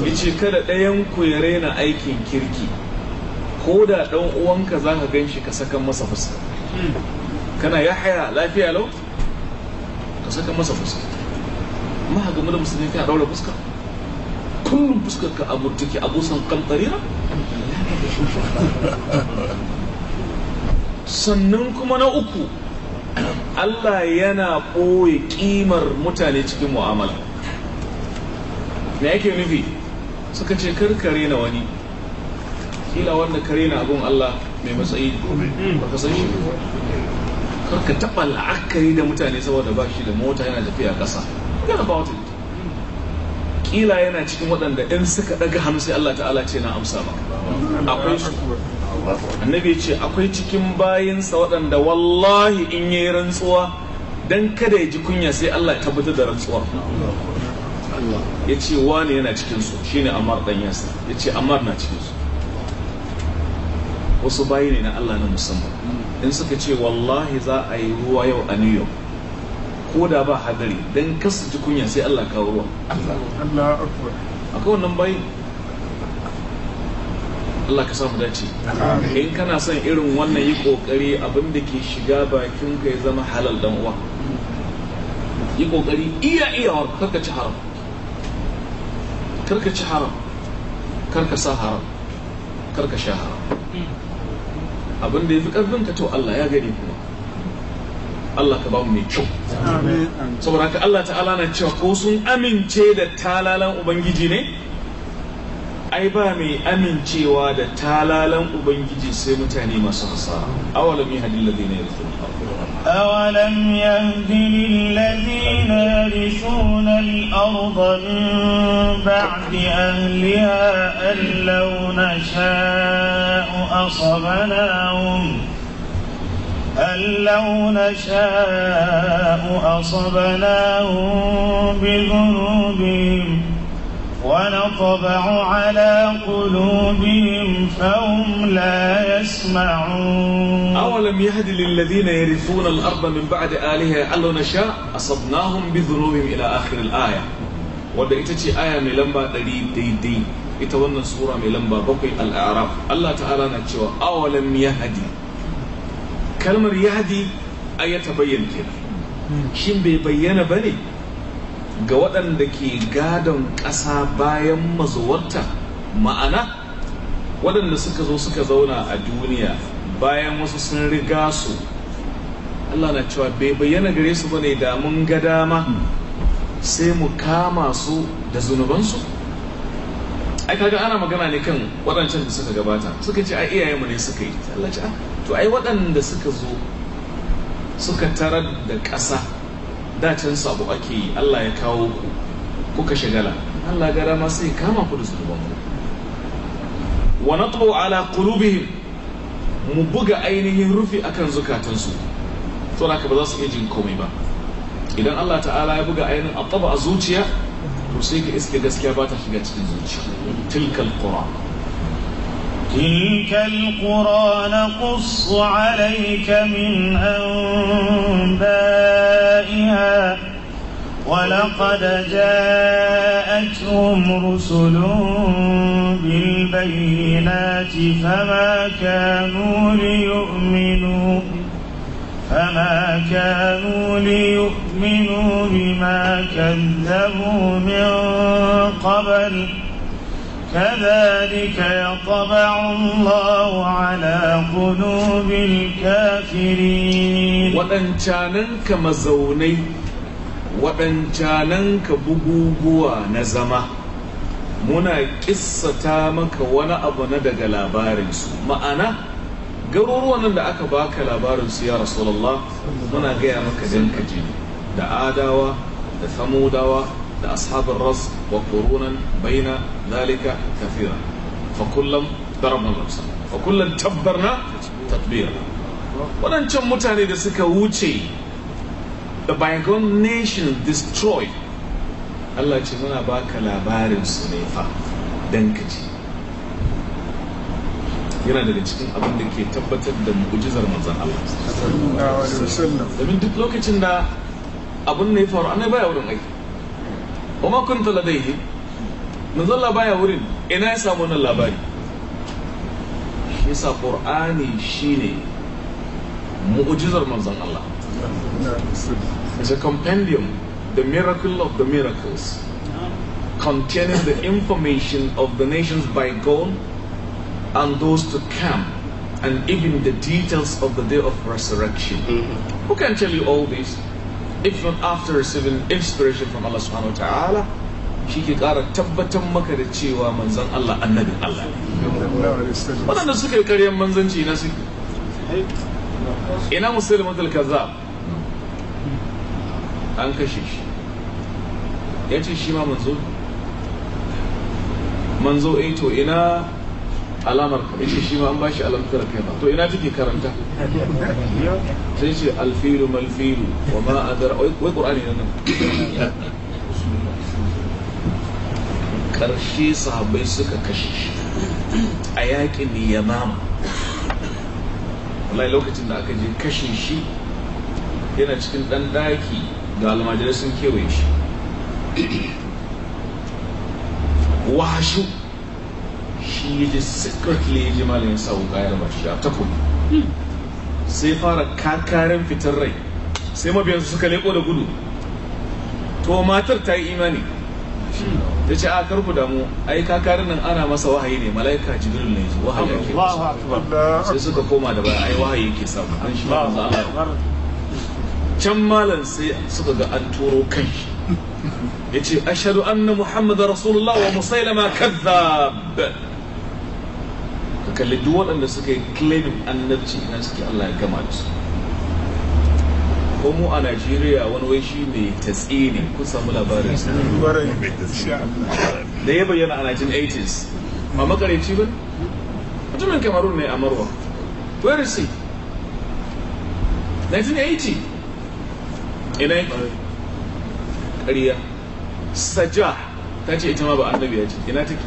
ya ce kada ɗayan ku ya raina aikin kirki ko da ɗan uwanka za ka gan shi ka saka masa fuska kana ya haya lafiya lau ka saka masa fuska amma ha game da musulmi ka ɗaura fuska kullum fuskar ka abu take abusan kantarira sannan kuma na uku Allah yana ɓoye ƙimar mutane cikin mu'amala me yake nufi suka ce karkare na wani kila wanda kare na abun Allah mai matsayi baka san shi karka taba la'akari da mutane saboda ba shi da mota yana tafiya ƙasa yana about it kila yana cikin waɗanda ɗin suka ɗaga hannu sai Allah ta'ala ce na amsa ba akwai annabi ce akwai cikin bayinsa waɗanda wallahi in yi rantsuwa dan kada ya ji kunya sai Allah ya tabbatar da rantsuwar Allah ya ce wani yana cikinsu shi ne amma ɗan yasa ya ce amma na cikinsu wasu bayi ne na Allah na musamman in suka ce wallahi za a yi ruwa yau a New York ko da ba hadari don kasa ji kunya sai Allah kawo ruwa akwai wannan bayi Allah ka samu dace in kana son irin wannan yi kokari abin da ke shiga bakin ka ya zama halal dan uwa yi kokari iya iya warka ci haram karka ci haram karka sa haram karka sha haram abin da ya fi karfin ka to Allah ya gani kuma Allah ka ba mu mai kyau saboda haka Allah ta'ala na cewa ko sun amince da talalan ubangiji ne ai ba mai amincewa da talalan ubangiji sai mutane masu hasara awalam yahdi alladhina yarithuna yahdi يهد للذين al-ardha min ba'di ahliha an law nasha'u أصبناهم أن لو نشاء أصبناهم بذنوبهم ونطبع على قلوبهم فهم لا يسمعون أولم يهد للذين يرثون الأرض من بعد آلهة أن نشاء أصبناهم بذنوبهم إلى آخر الآية وده إتتي آية ملمبة دي دي دي إتوانا سورة ملمبة بقي الأعراف الله تعالى نتشوى أولم يهد كلمة يهدي آية تبين كده شين بيبين بني ga waɗanda ke gadon ƙasa bayan mazuwarta ma'ana waɗanda suka zo suka zauna a duniya bayan wasu sun riga su Allah na cewa bai bayyana gare su bane da mun ga dama sai mu kama su da zunubansu ai kaga ana magana ne kan waɗancan da suka gabata suka ce ai iyayenmu ne suka yi Allah ce ah, to ai waɗanda suka zo suka tarar da ƙasa Dacin can sabo ake yi Allah ya kawo ku kuka shagala Allah gara ma sai kama ku da zunuban ku wa natbu ala qulubihim mu buga ainihin rufi akan zukatansu to haka ba za su iya jin komai ba idan Allah ta'ala ya buga ainihin taba a zuciya to sai ka iske gaskiya ba ta shiga cikin zuciya tilkal qura تلك القرى نقص عليك من أنبائها ولقد جاءتهم رسل بالبينات فما كانوا ليؤمنوا فما كانوا ليؤمنوا بما كذبوا من قبل ۖ كذلك يطبع الله na قلوب الكافرين waɗancanan ka mazaunai waɗancanan ka buguguwa na zama muna ƙissata maka wani abu na daga labarinsu ma'ana garuruwan nan da aka baka labarinsu ya rasulallah muna gaya maka dan kaji da adawa da samudawa لأصحاب الرصد وقرونا بين ذلك كثيرا فكلا ضربنا المثل فكلا تبرنا تطبيرا waɗancan mutane da suka wuce the bygone nation destroyed Allah ce muna baka labarin su ne fa dan kaji yana daga cikin abin da ke tabbatar da mu'jizar manzon Allah wasallam. domin duk lokacin da abun ne faru annai baya wurin aiki وما كنت لديهم نظل بايا ورين إنا يسامون الله يسا قرآني شيني مؤجزة منزل الله It's a compendium, the miracle of the miracles, containing the information of the nations by God and those to come, and even the details of the day of resurrection. Mm-hmm. Who can tell you all this? if not after receiving inspiration from Allah subhanahu wa ta'ala shi ke ƙara tabbatar maka da cewa manzan Allah annabin Allah ne waɗanda suka yi karyar manzanci na suke ina musulman kaza an kashe shi ya ce shi ma manzo manzo eh to ina alamar yace shi ma an bashi alamtar to ina take karanta sai ce alfilu malfilu wa ma adar wai qur'ani nan karshe sahabbai suka kashe shi a yakin yamama wallahi lokacin da aka je kashe shi yana cikin ɗanɗaki. daki ga almajirai sun kewaye shi wahashu shi ya secretly ji malamin malam ya sai fara kakarin fitar rai sai mabiyansu suka leko da gudu to matar ta yi imani ta ce a karku damu ai kakarin nan ana masa wahayi ne malaika jibril ne ji wahayi yake sai suka koma da baya ai wahayi ke samu an shi can malam sai suka ga an turo kai ya ce ashadu anna muhammadu rasulullah wa musailama kadhab kalli duk waɗanda suka yi claiming annabci ina suke Allah ya gama da su ko a Najeriya wani wai shi mai tatsi ne kun samu labarin sa da ya bayyana a 1980s ba makarici ba mutumin Cameroon ne a Marwa where is he 1980 ina ƙarya Sajja ta ce ita ma ba annabi ya ce ina take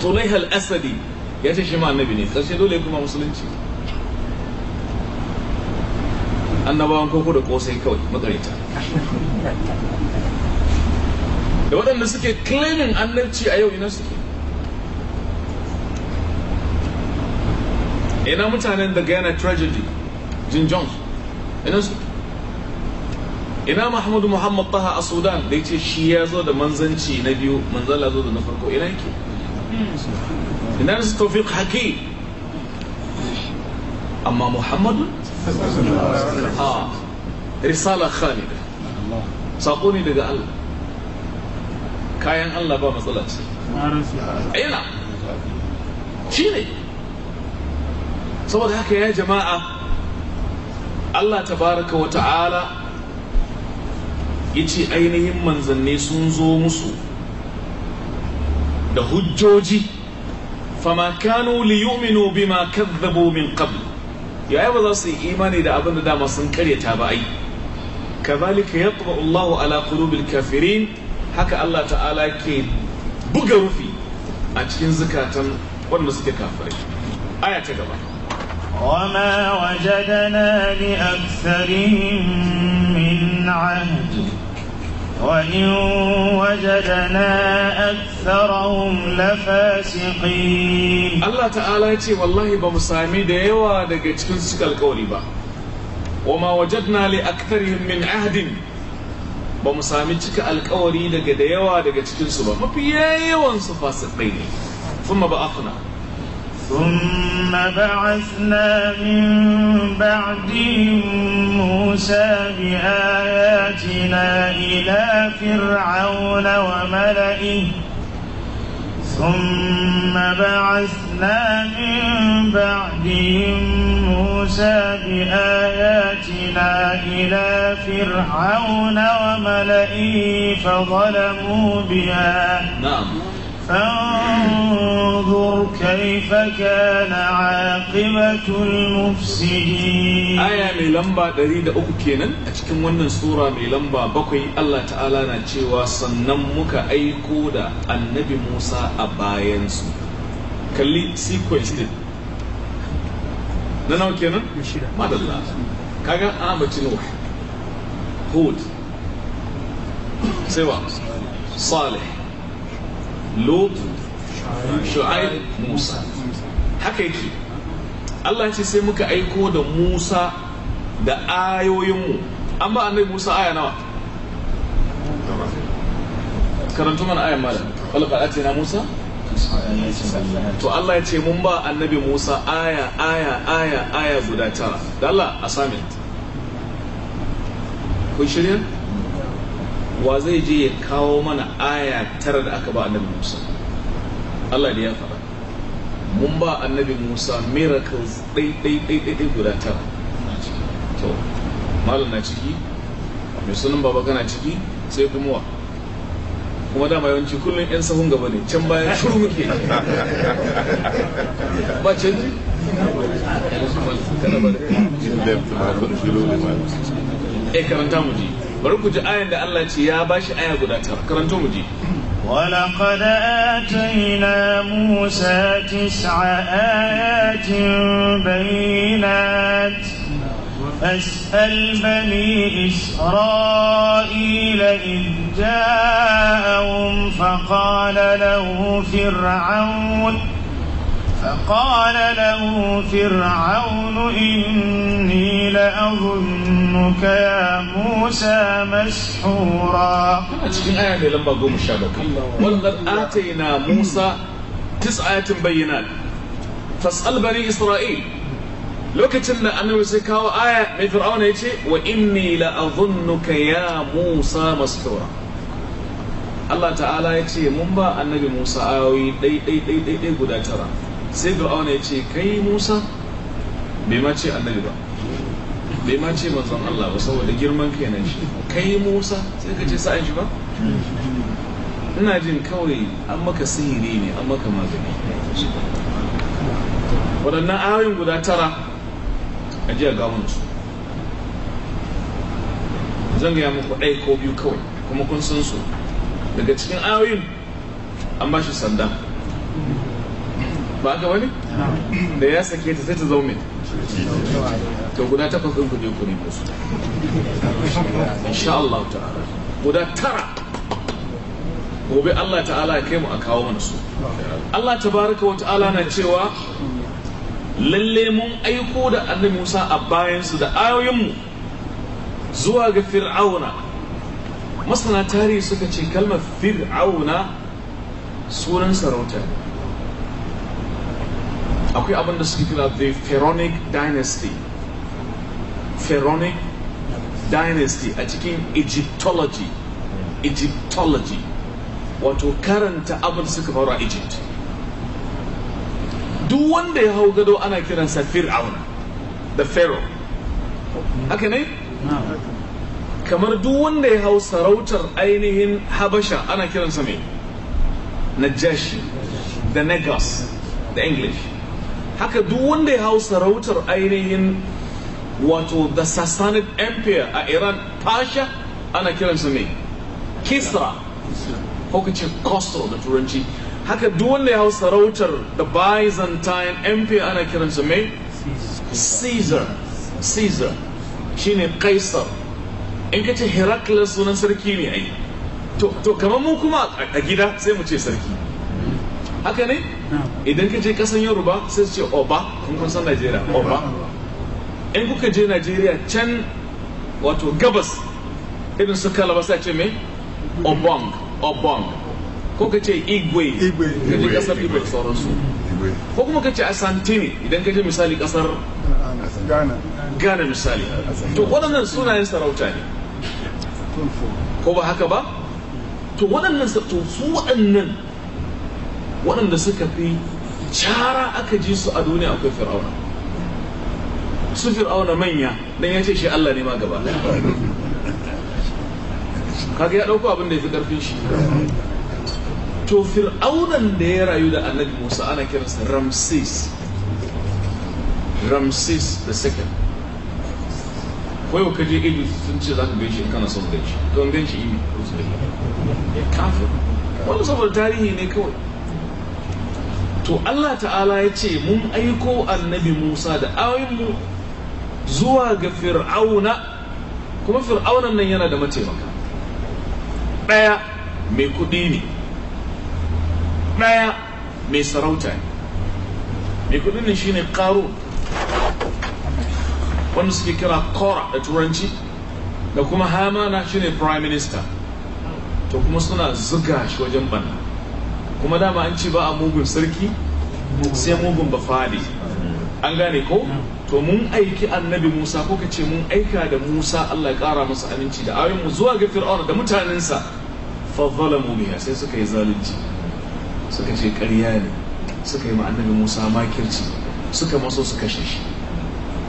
Tulaiha hal asadi ya ce shi ma annabi ne ƙarshe dole kuma musulunci annabawan koko da ƙosai kawai makarita da waɗanda suke klinin annabci a yau ina suke ina mutanen da gana tragedy jin jones ina su ina mahmudu muhammad taha a sudan da ya ce shi ya zo da manzanci na biyu manzala zo da na farko ina yake ina su tawfiq haki amma muhammadu a risala khalida saƙo ne daga allah kayan allah ba matsala ce ina shi ne saboda haka ya jama'a allah ta baraka wa ta'ala ya ce ainihin manzanni sun zo musu da hujjoji fama kanu li yu'minu bima kadhabu min qabl ya ba za su yi imani da abin da dama sun karyata ba ai kazalika yatba'u Allahu ala qulubil kafirin haka Allah ta'ala ke buga rufi a cikin zukatan wanda suke kafirai aya ta gaba وما وجدنا لأكثرهم من عهد da Allah ta'ala ya ce wallahi ba mu sami da yawa daga cikin su ba wa ma wajadna li aktarihim min ahdin ba mu sami cika alkawari daga da yawa daga cikin su ba mafi yayawan su fasiqai ne kuma ba akuna ثم بعثنا من بعدهم موسى بآياتنا إلى فرعون وملئه ثم بعثنا من بعدهم موسى بآياتنا إلى فرعون وملئه فظلموا بها نعم فانظر كيف كان عاقبة المفسدين آية مي لمبا دريد أكو كينن أتكم ونن سورة مي لمبا بقي الله تعالى نتشيوا سنمك أي كودا النبي موسى أباينس كلي سيكوينس دي نانو كينن ما الله كاقا آمة نوح هود سيوا صالح lut shu'aib musa haka yake Allah ce sai muka aiko da musa da ayoyinmu an ba annabi musa aya nawa karantu mana ayan malam walaqad atina musa to Allah ya ce mun ba annabi Musa aya aya aya aya guda tara da Allah assignment kun shirya wa zai je ya kawo mana aya tara da aka ba annabi musa allah da ya faɗa mun ba annabi musa miracles ɗai-ɗai-ɗai guda tara to malam na ciki mai sunan baba kana ciki sai kuma wa kuma dama yawanci kullum 'yan sahun gaba ne can bayan shuru muke ba canji e karanta mu ji bari ku ji ayan da Allah ce ya bashi aya ولقد آتينا موسى تسع آيات بينات فاسأل بني إسرائيل إذ جاءهم فقال له فرعون فقال له فرعون إني لأظنك يا موسى مسحورا آية ولقد آتينا موسى تسعة بينات فاسأل بني إسرائيل لو كتلنا أن يسكاو آية من فرعون يجي وإني لأظنك يا موسى مسحورا الله تعالى يجي منبا النبي موسى آوي دي دي دي دي دي دي sai fir'auna ya ce kai musa bai ma ce annabi ba bai ma ce manzon Allah ba saboda girman kai na shi kai musa sai ka ce sa'an shi ba ina jin kawai an maka sihiri ne an maka magani waɗannan ayoyin guda tara a jiya gamun su zan gaya muku ɗaya ko biyu kawai kuma kun san su daga cikin ayoyin an ba shi sanda ba haka bane da ya sake ta sai ta zaume to guda takwas ɗin ku je ku nemo su insha Allah ta'ala guda tara gobe Allah ta'ala ya kai mu a kawo mana su Allah tabaraka wa ta'ala na cewa lalle mun aiko da annabi Musa a bayansu da ayoyin mu zuwa ga fir'auna masana tarihi suka ce kalmar fir'auna sunan sarauta akwai abin da suke kira the pharaonic dynasty pharaonic dynasty a cikin egyptology egyptology wato karanta abin da suka faru a egypt duk wanda ya hau gado ana kiransa fir'auna the pharaoh haka ne kamar duk wanda ya hau sarautar ainihin habasha ana kiransa mai najashi the negus da english haka duk wanda ya hau sarautar ainihin wato the sassanid empire a iran pasha ana kiransa ne kisra ko ka kosto da turanci haka duk wanda ya hau sarautar the byzantine empire ana kiransa mai caesar caesar shine kaisar in ka ce sunan sarki ne ai to kamar mu kuma a gida sai mu ce sarki haka ne idan ka je kasan yoruba sai ce oba kun kun san najeriya oba in kuka je najeriya can wato gabas irin su kalaba sai ce me obong obong ko ka ce igwe ka je kasar igwe sauransu ko kuma ka ce asantini idan ka je misali kasar ghana misali to waɗannan sunayen sarauta ne ko ba haka ba to waɗannan su waɗannan waɗanda suka fi cara aka ji su a duniya akwai fir'auna su fir'auna manya don ya ce shi Allah ne ma gaba kaga ya ɗauko abin da ya fi ƙarfin shi to fir'aunan da ya rayu da annabi musa ana kiransa ramses ramses the second kwayo ka je sun ce za ka gaishe kana son gaishe don gaishe imi ya kafin wani saboda tarihi ne kawai to Allah ta'ala ya ce mun aiko annabi Musa da mu zuwa ga fir'auna kuma fir'aunan nan yana da mataimaka ɗaya mai kuɗi ne ɗaya mai sarauta ne mai kuɗi ne shine ƙaro wanda suke kira kora da turanci da kuma hamana shine prime minister to kuma suna zuga shi wajen banna kuma dama an ce ba a mugun sarki sai mugun ba fadi an gane ko to mun aiki annabi musa ko ka ce mun aika da musa allah ya kara masa aminci da ayon mu zuwa ga fir'auna da mutanensa fa zalamu biha sai suka yi zalunci suka ce ƙarya ne suka yi ma annabi musa makirci suka maso su kashe shi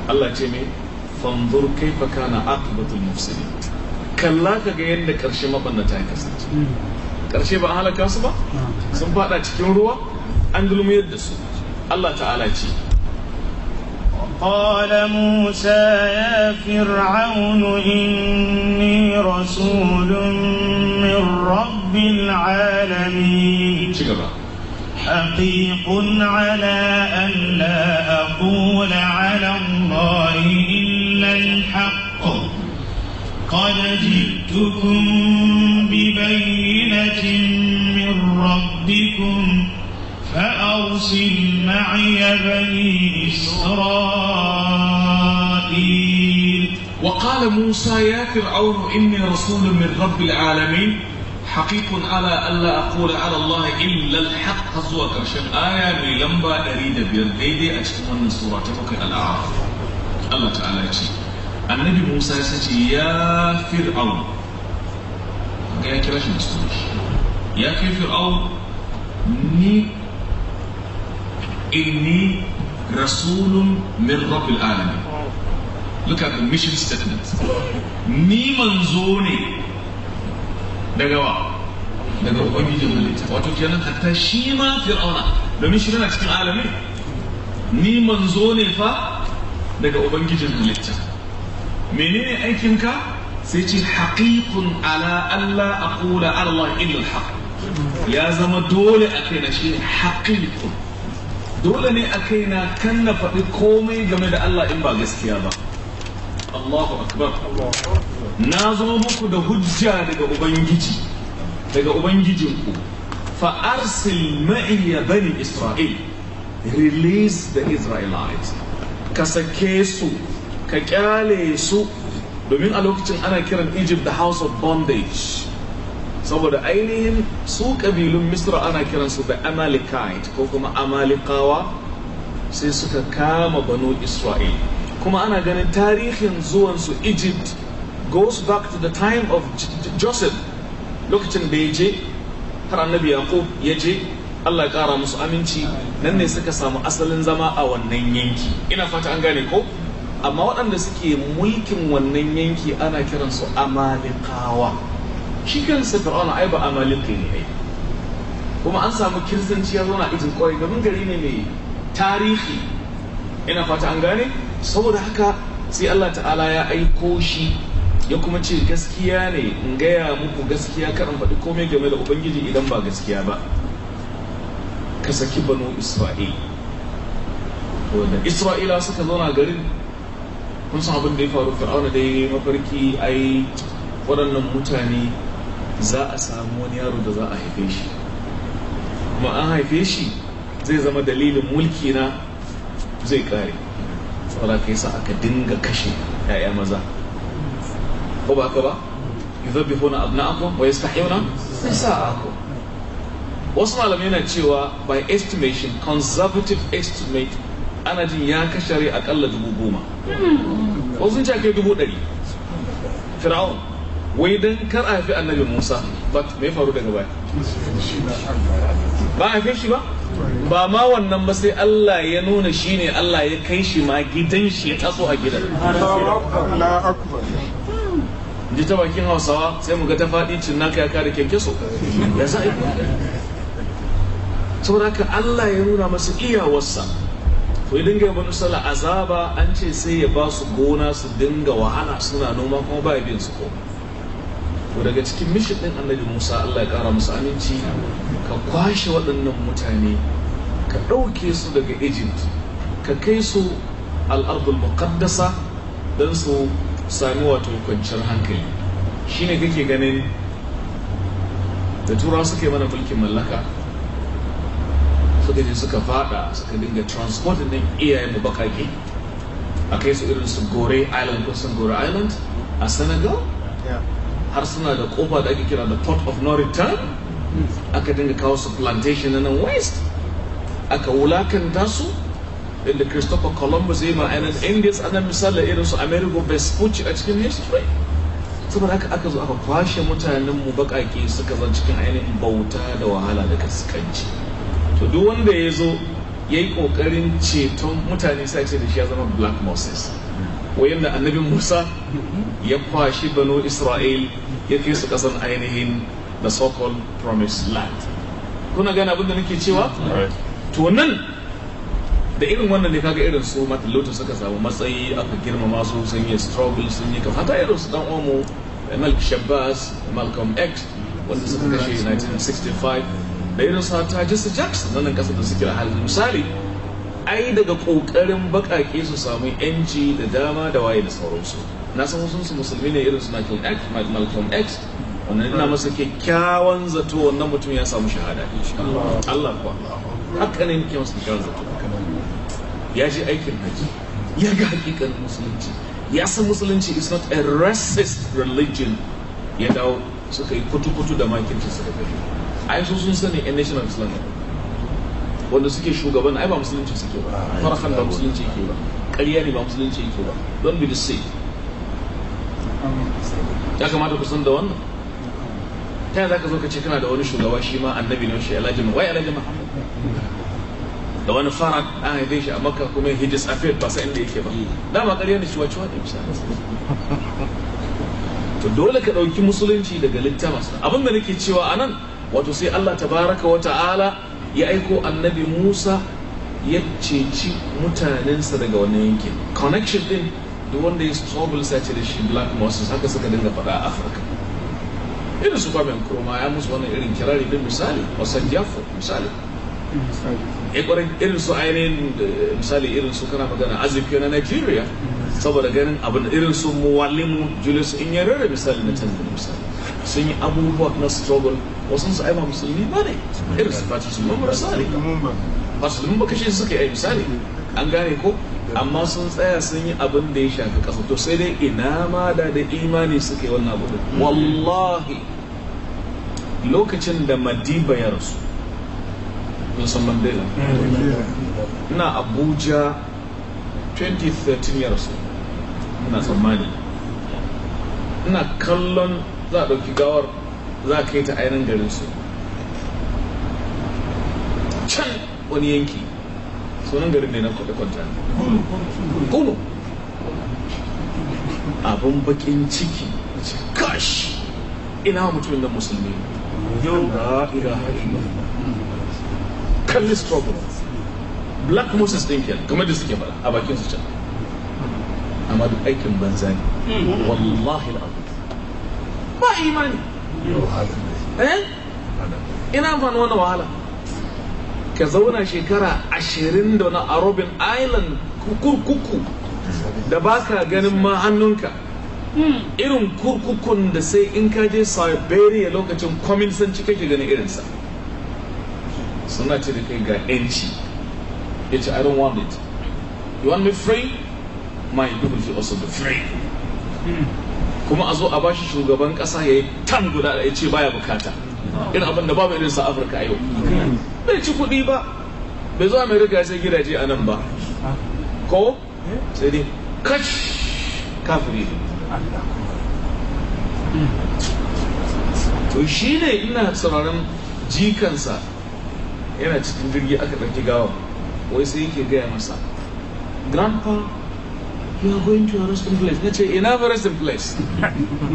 allah ce me fanzur kaifa kana aqibatul mufsidin kalla ka ga yadda karshe mabannata ya kasance karshe ba halaka su ba sun fada cikin ruwa an dulmiyar da su Allah ta'ala ce قال موسى يا فرعون إني رسول من رب العالمين حقيق على أن لا أقول على الله إلا الحق قد جئتكم ببينة من ربكم فأرسل معي بني إسرائيل وقال موسى يا فرعون إني رسول من رب العالمين حقيق على ألا أقول على الله إلا الحق زوا كرشم آية من لمبا أريد بيرديدي من سورة الأعراف الله تعالى يقول النبي موسى يا فرعون ga ya shi da shi ya kai fir'aun ni inni rasulun min rabbil alami. look at the mission statement ni manzo ne daga wa daga ubangijin halitta wato kenan hatta shi ma fir'auna domin shi yana cikin alami. ni manzo ne fa daga ubangijin halitta menene aikinka sai ce haƙiƙun ala Allah a kula Allah illa haƙ ya zama dole a na shi haƙiƙun dole ne a na kan na faɗi komai game da Allah in ba gaskiya ba Allahu akbar na zo muku da hujja daga ubangiji daga ubangijinku fa arsil ma'iya bani isra'il release the israelites ka sake su ka kyale su domin a lokacin ana kiran egypt the house of bondage saboda ainihin su kabilun misra ana kiransu da amalekite ko kuma amalikawa sai suka kama banu isra'il kuma ana ganin tarihin zuwansu egypt goes back to the time of joseph lokacin da ya je har annabi yaqub ya je allah ya kara musu aminci nan ne suka samu asalin zama a wannan yanki ina fata an gane ko amma waɗanda suke mulkin wannan yanki ana kiransu amalikawa shi kansa fir'auna ai ba amalika ne ai kuma an samu kirsanci ya zauna ijin kawai domin gari ne mai tarihi ina fata an gane saboda haka sai Allah ta'ala ya aiko shi ya kuma ce gaskiya ne in gaya muku gaskiya kaɗan faɗi komai game da ubangiji idan ba gaskiya ba ka saki banu isra'il wanda isra'ila suka zauna garin kun san abin da ya faru fir'auna da ya mafarki ai waɗannan mutane za a samu wani yaro da za a haife shi kuma an haife shi zai zama dalilin mulki na zai kare saboda ka yasa aka dinga kashe ya'ya maza ko ba ka ba yudhabbihuna abna'akum wa yastahiyuna nisa'akum wasu malamai na cewa by estimation conservative estimate ana jin ya kashare akalla dubu goma wasu sun ce dubu ɗari fir'aun wai dan kar a haifi annabi musa but me faru daga baya ba a haife shi ba ba ma wannan ba sai Allah ya nuna shi ne Allah ya kai shi ma gidan shi ya taso a gidan ji ta bakin hausawa sai mu ga ta faɗi cin naka ya kare kyankyaso ya za a yi saboda haka Allah ya nuna masa iyawarsa ku ya dinga wani sallah azaba an ce sai ya ba su gona su dinga wahala suna noma kuma ba ya biyan su koma to daga cikin mishin din annabi musa allah ya kara musu aminci ka kwashe waɗannan mutane ka ɗauke su daga egypt ka kai su al'adul muqaddasa don su sami wato kwanciyar hankali shine kake ganin da tura suka mana mulkin mallaka suka je suka fada suka dinga transport din iyayen mu bakake a kai su irin su gore island ko san gore island a senegal har suna da kofa da ake kira da port of no return aka dinga kawo su plantation na nan west aka wulakanta su inda christopher columbus ya yi ma'anin a nan misali irin su amerigo vespucci a cikin history saboda haka aka zo aka kwashe mutanen mu baƙaƙe suka zan cikin ainihin bauta da wahala da kaskanci to duk wanda ya zo ya yi ƙoƙarin ceton mutane sai ce da shi ya zama black moses wayan da annabin musa ya kwashi bano isra'il ya kai su ƙasar ainihin the so-called promised land kuna gane abin da nake cewa to nan da irin wannan ne kaga irin su matalauta suka samu matsayi aka girmama su sun yi struggle sun yi kafa ta irin su dan omo malik shabbas malcolm x wanda suka kashe 1965 da irin su ta jesse jackson nan kasar da suke da halin misali ai daga kokarin bakake su samu yanci da dama da waye da sauransu na san wasu su musulmi ne irin su malcolm x wannan ina masa kyakkyawan zato wannan mutum ya samu shahada Allah kuwa haka ne nake masa kyakkyawan zato ya je aikin haji ya ga hakikan musulunci ya san musulunci is not a racist religion ya dawo suka yi kutu-kutu da makin suka gari. ai su sun sani yan national islam wanda suke shugaban ai ba musulunci suke ba ah, farhan ba musulunci yake ba ƙarya ne ba musulunci yake ba don be the same ya kamata ku san da wannan ta yaya zaka zo ka ce kana da wani shugaba shi ma annabi ne shi alhaji mu wai alhaji muhammad da wani fara an haife shi a makka kuma he disappeared ba sai inda yake ba dama ƙarya ne shi wacce wani bisa to dole ka dauki musulunci daga littafin abin da nake cewa a nan wato sai Allah tabaraka wa ta'ala ya aiko annabi Musa ya ceci mutanensa daga wannan yankin connection din da wanda ya struggle sace da shi black moses haka suka dinga faɗa a afirka irin su kwamen kuma ya musu wannan irin kirari din misali wasan jafo misali ya eh, kwarin irin su ainihin eh, misali irin su kana magana azikiyo na nigeria saboda ganin abin irin su muwallimu julius in yarere misali na tanzania misali sun yi abubuwa na struggle wasu su aima musulmi ba ne irin su fati su mun misali ba su mun kashe suka yi misali an gane ko amma sun tsaya sun yi abin da ya shafi kasa to sai dai ina ma da da imani suka yi wannan abu wallahi lokacin da madiba ya rasu kun san mandela ina abuja 2013 ya rasu ina tsammani ina kallon za a ɗauki gawar za ka yi ta ainihin su can wani yanki sunan garin ne na kwata-kwata kunu abin bakin ciki kash ina mutumin da musulmi yau da ilaha illallah kalli struggle black moses din kamar da suke fara a bakin su can amma duk aikin banza ne hmm. wallahi al'adu ba imani Eh? ina amfani wani wahala ka zauna shekara ashirin da na arobin island kurkuku da ba ka ganin ma hannunka hmm. irin kurkukun da sai in ka je siberia lokacin cika kake ganin irinsa suna ce da kai ga yanci ya ce i don't want it you want me free my people should also be free hmm. kuma a zo a bashi shugaban kasa ya yi tan guda da ya ce baya bukata irin abin da babu irin sa afirka yau bai ci kuɗi ba bai zo amerika sai gidaje a nan ba ko sai dai kash kafiri to shi ne ina sauraron jikansa yana cikin jirgi aka ɗauki gawa wai sai yake gaya masa grandpa you are going to your resting place na ce ina ba resting place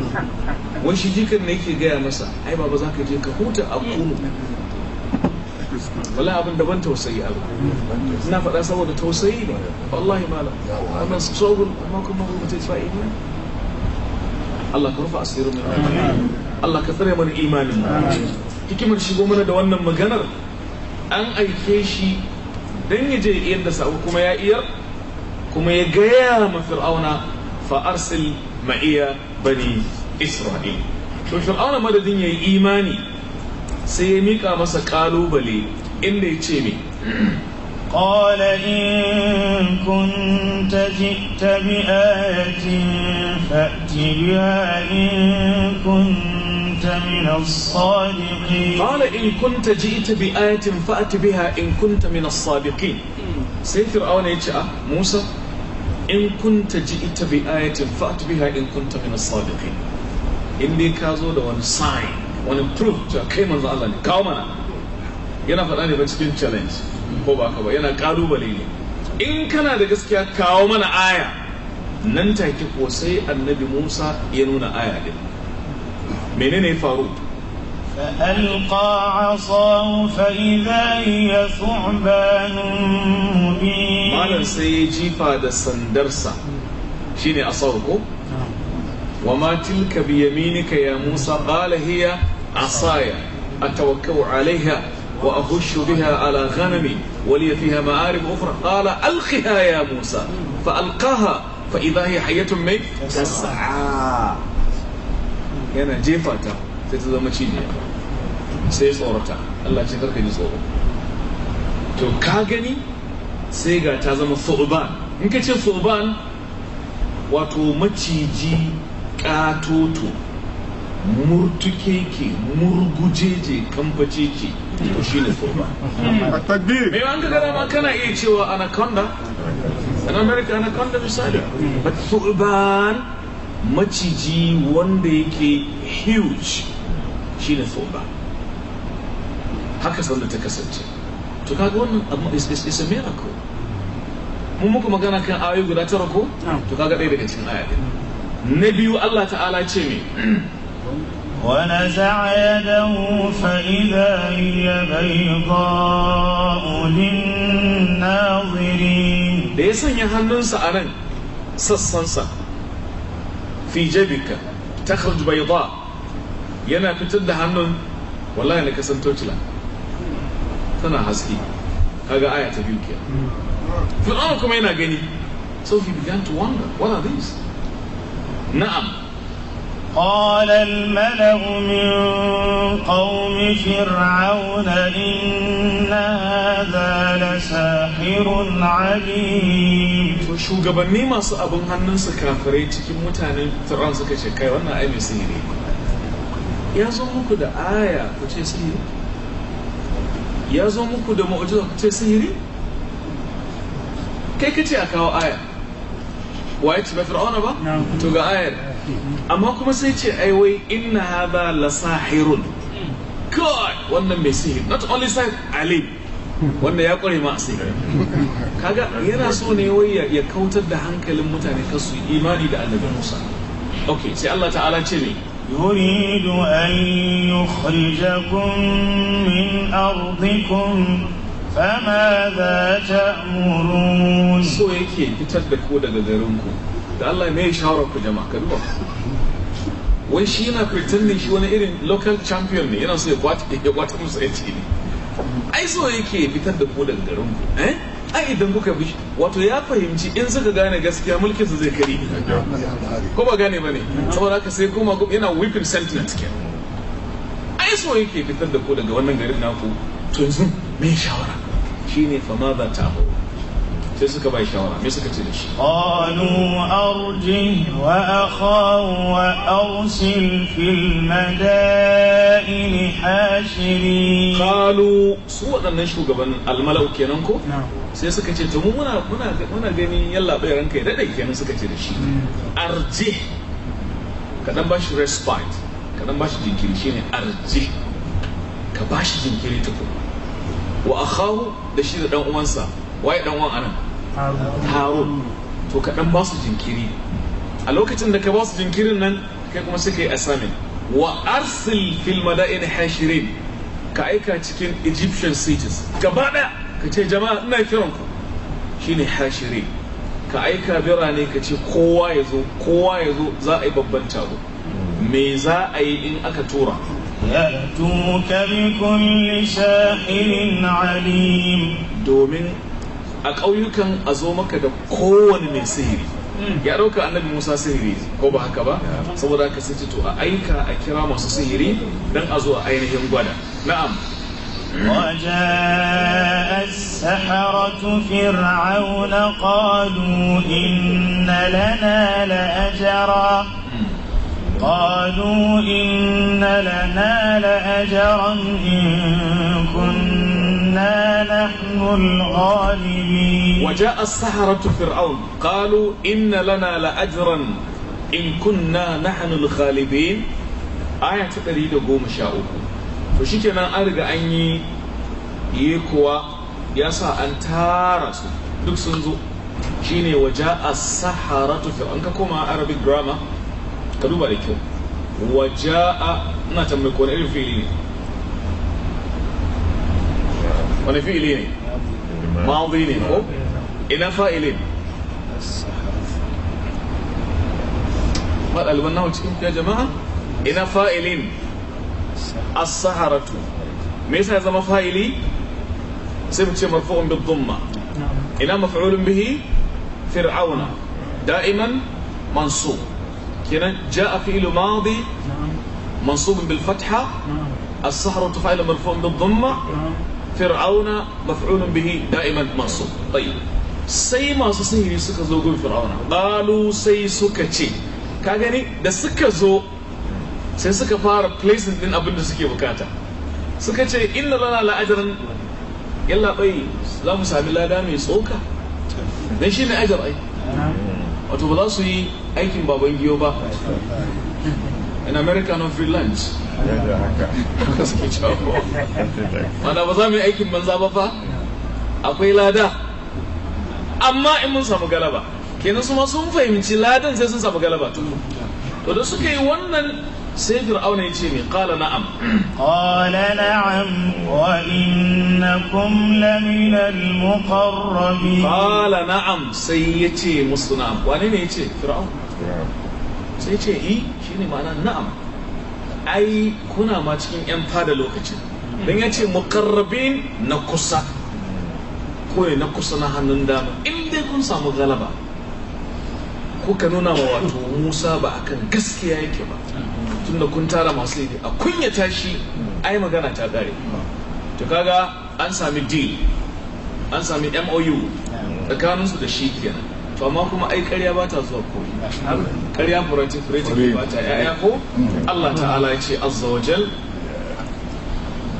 wani shi jikin ne yake gaya masa ai baba za ka je ka huta a kunu wala abin daban tausayi Allah ina faɗa saboda tausayi ne wallahi malam wannan struggle amma kuma ba ta ne Allah ka rufa asirin mu Allah ka tsare mana imanin hikimar shigo mana da wannan maganar an aike shi dan ya je yadda sa'u kuma ya iya. كما يقيام فرعون فأرسل معي بني إسرائيل شو فرعون ما الدنيا إيماني سيميكا مسا سكالو بلي إني تشيمي قال إن كنت جئت بآية فأت بها إن كنت من الصادقين قال إن كنت جئت بآية فأت بها إن كنت من الصادقين سيد فرعون يتشاء أه، موسى in kunta ita bi ayatin fa'tu biha in kunta min as-sadiqin in dai ka zo da wani sign wani proof to kai manzo Allah ne kawo mana yana faɗa ne ba cikin challenge ko ba ka ba yana bale ne in kana da gaskiya kawo mana aya nan take ko sai annabi Musa ya nuna aya din menene ya faru فألقى عصاه فإذا هي ثعبان مبين مالا سيجي دا سندرسا شيني أصوكو وما تلك بيمينك يا موسى قال هي عصايا أتوكل عليها وأهش بها على غنمي ولي فيها مآرب أخرى قال ألقها يا موسى فألقاها فإذا هي حية من تسعى هنا جيفة sai ta zama cijiya sai tsorata Allah ce karka ji tsoro to ka gani sai ga ta zama tsoban in ka ce tsoban wato maciji katoto murtuke murtukeke murgujeje kamfacece to shine tsoban takbir me an gara ma kana iya cewa anaconda an america anaconda misali but tsoban maciji wanda yake huge shine tsoba haka sanda ta kasance to kaga wannan abu is is is a miracle mun muku magana kan ayoyi guda tara ko to kaga ɗaya daga cikin aya na biyu Allah ta'ala ce me ونزع يده فإذا هي بيضاء للناظرين da ya sanya hannunsa a nan sassansa fi jabika ta bai ba yana fitar da hannun wallahi na kasan tocila tana haske kaga aya ta biyu ke fir'aun kuma yana gani so he began to wonder what are these na'am قال الملأ من قوم فرعون إن هذا لساحر عليم shugabanni masu abin hannunsu kafirai cikin mutanen turan suka ce kai wannan ai mai sihiri ya zo muku da aya ku ce sihiri ya zo muku da mu'jiza ku ce sihiri kai ka ce a kawo aya Wa ya ci ba fir'auna ba to ga ayar amma kuma sai ce ai wai inna hadha la sahirun god wannan mai sihiri not only sahir ali wannan ya kware ma a sihiri kaga yana so ne wai ya kautar da hankalin mutane kasu imani da annabi Musa okay sai Allah ta'ala ce ne يريد أن يخرجكم من أرضكم فماذا تأمرون سو يكي fitar da ku daga da Allah mai shawarar ku jama'a ka duba wai shi yana pretending shi wani irin local champion ne yana so ya kwata musu yanci ne ai so yake fitar da ku daga garinku eh ai idan kuka bi wato ya fahimci in suka gane gaskiya mulkin su zai kari ko ba gane bane saboda haka sai kuma yana whipping sentiment ke ai so yake fitar da ku daga wannan garin naku to yanzu me shawara shine fa ma za ta hau sai suka bai shawara me suka ce da shi qalu arji wa akhahu wa arsil fil madain hashiri qalu su waɗannan shugaban almalau kenan ko sai suka ce to mu muna muna muna ganin yalla bai ranka ya dade kenan suka ce da shi hmm. arji dan ba shi respite dan ba shi jinkiri shine arji ka ba shi jinkiri tukun wa akhahu da shi da dan uwansa waye dan uwan anan harun to ka ba su jinkiri a lokacin da ka ba su jinkirin nan kai kuma suka yi assignment wa arsil fil madain hashirin ka aika cikin egyptian cities gaba ɗaya. ka ce jama'a ina kiran ku shine hashirin ka aika birane ka ce kowa ya zo kowa ya zo za a yi babban taro me za a yi in aka tura يأتوك بكل ساحر عليم دومين a ƙauyukan a zo maka da kowane mai sihiri hmm. ya ɗauka annabi musa sihiri ko ba haka ba saboda ka sai to a aika a kira masu sihiri don a zo a ainihin gwada na'am وجاء السحرة فرعون قالوا إن لنا لأجرا hmm. قالوا إن لنا لأجرا إن كنا إنا نحن الغالبين وجاء السحرة فرعون قالوا إن لنا لأجرا إن كنا نحن الغالبين آية تريد قوم شاؤه فشكنا أرجع أني يكوى يسا أن تارس duk sun zo shine waje a saharatu fir'aun ka koma arabic grammar ka duba da kyau waje a ina tambayi ko irin fili ne ولا فعلين ماضين إلى فائلين قال ألبناه تشكمت يا جماعة إلى فائلين السحرة ميس هذا مفايلي سبت مرفوع بالضمة إلى مفعول به فرعون دائما منصوب كنا جاء فعل ماضي منصوب بالفتحة السحرة فاعل مرفوع بالضمة fir'auna maf'ulun bihi da'iman masu tayyib sai masu sihiri suka zo gun fir'auna qalu sai suka ce ka gani da suka zo sai suka fara placing din abin da suke bukata suka ce inna lana la'ajran yalla bai za mu sami lada mai tsoka dan ne ajar ai wato ba za su yi aikin baban giyo ba in america no freelance wanda ba za mu yi aikin banza ba fa akwai lada amma in mun samu galaba kenan su ma sun fahimci ladan sai sun samu galaba to da suka yi wannan sai fir'auna ya ce ne qala na'am qala na'am wa innakum lamin al-muqarrabin qala na'am sai ya ce musu na'am wane ne ya ce fir'auna sai ce eh, shi ne ma'ana na'am ai kuna ma cikin yan fada lokacin don ya ce mukarrabin na kusa ko ne na kusa na hannun dama in dai kun samu galaba kuka nuna ma wato Musa ba a kan gaskiya yake ba tunda kun tara masu yi a kunya tashi ai magana ta gare to kaga an sami deal an sami MOU tsakaninsu da shi kenan to amma kuma ai ƙarya ba ta zuwa ko ƙarya furati furati ba ta yaya ko Allah ta'ala ya ce azza wa jal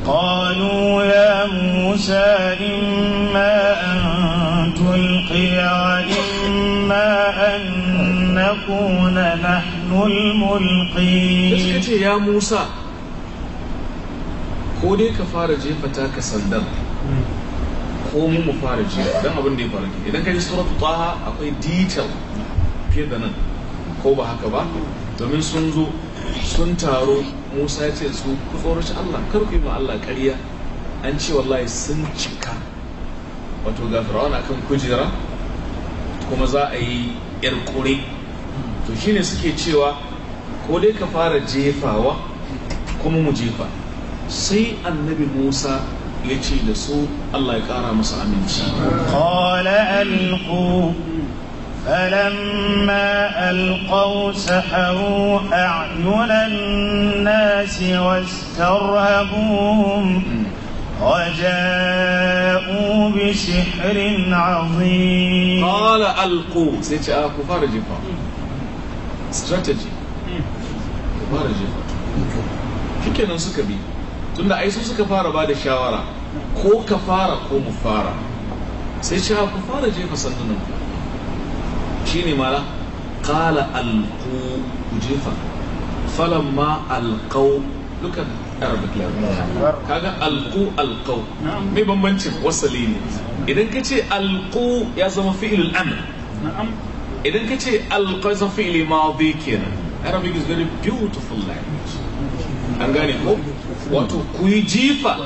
قالوا يا موسى إما أن تلقي وإما أن نكون نحن الملقين يا موسى ko dai ka fara jefa taka sandan ko mu mu fara ji dan abin da ya faru idan ka ji suratu taha akwai detail fiye da nan ko ba haka ba domin sun zo sun taro Musa ya ce su ku tsoraci Allah kar ku yi ma Allah ƙarya an ce wallahi sun cika wato ga Fir'auna kan kujera kuma za a yi yar kure to shine suke cewa ko dai ka fara jefawa kuma mu jefa sai annabi Musa ya ce da su Allah ya kara masa aminci qala alqu فلما ألقوا سحروا أعين الناس واسترهبوهم وجاءوا بسحر عظيم قال ألقوا سيتي أكو فارجفا استراتيجي فارجفا شكرا سكبي tunda ai su suka fara ba da shawara ko ka fara ko mu fara sai ce ku fara jefa sandunan shi ne mala kala alku ku jefa falamma alkau dukan arabic kaga alku alkau mai bambancin wasali ne idan ka ce alku ya zama fi'ilul amr idan ka ce alku ya zama fi'ili madi kenan arabic is very beautiful language an gane ko wato ku yi jifa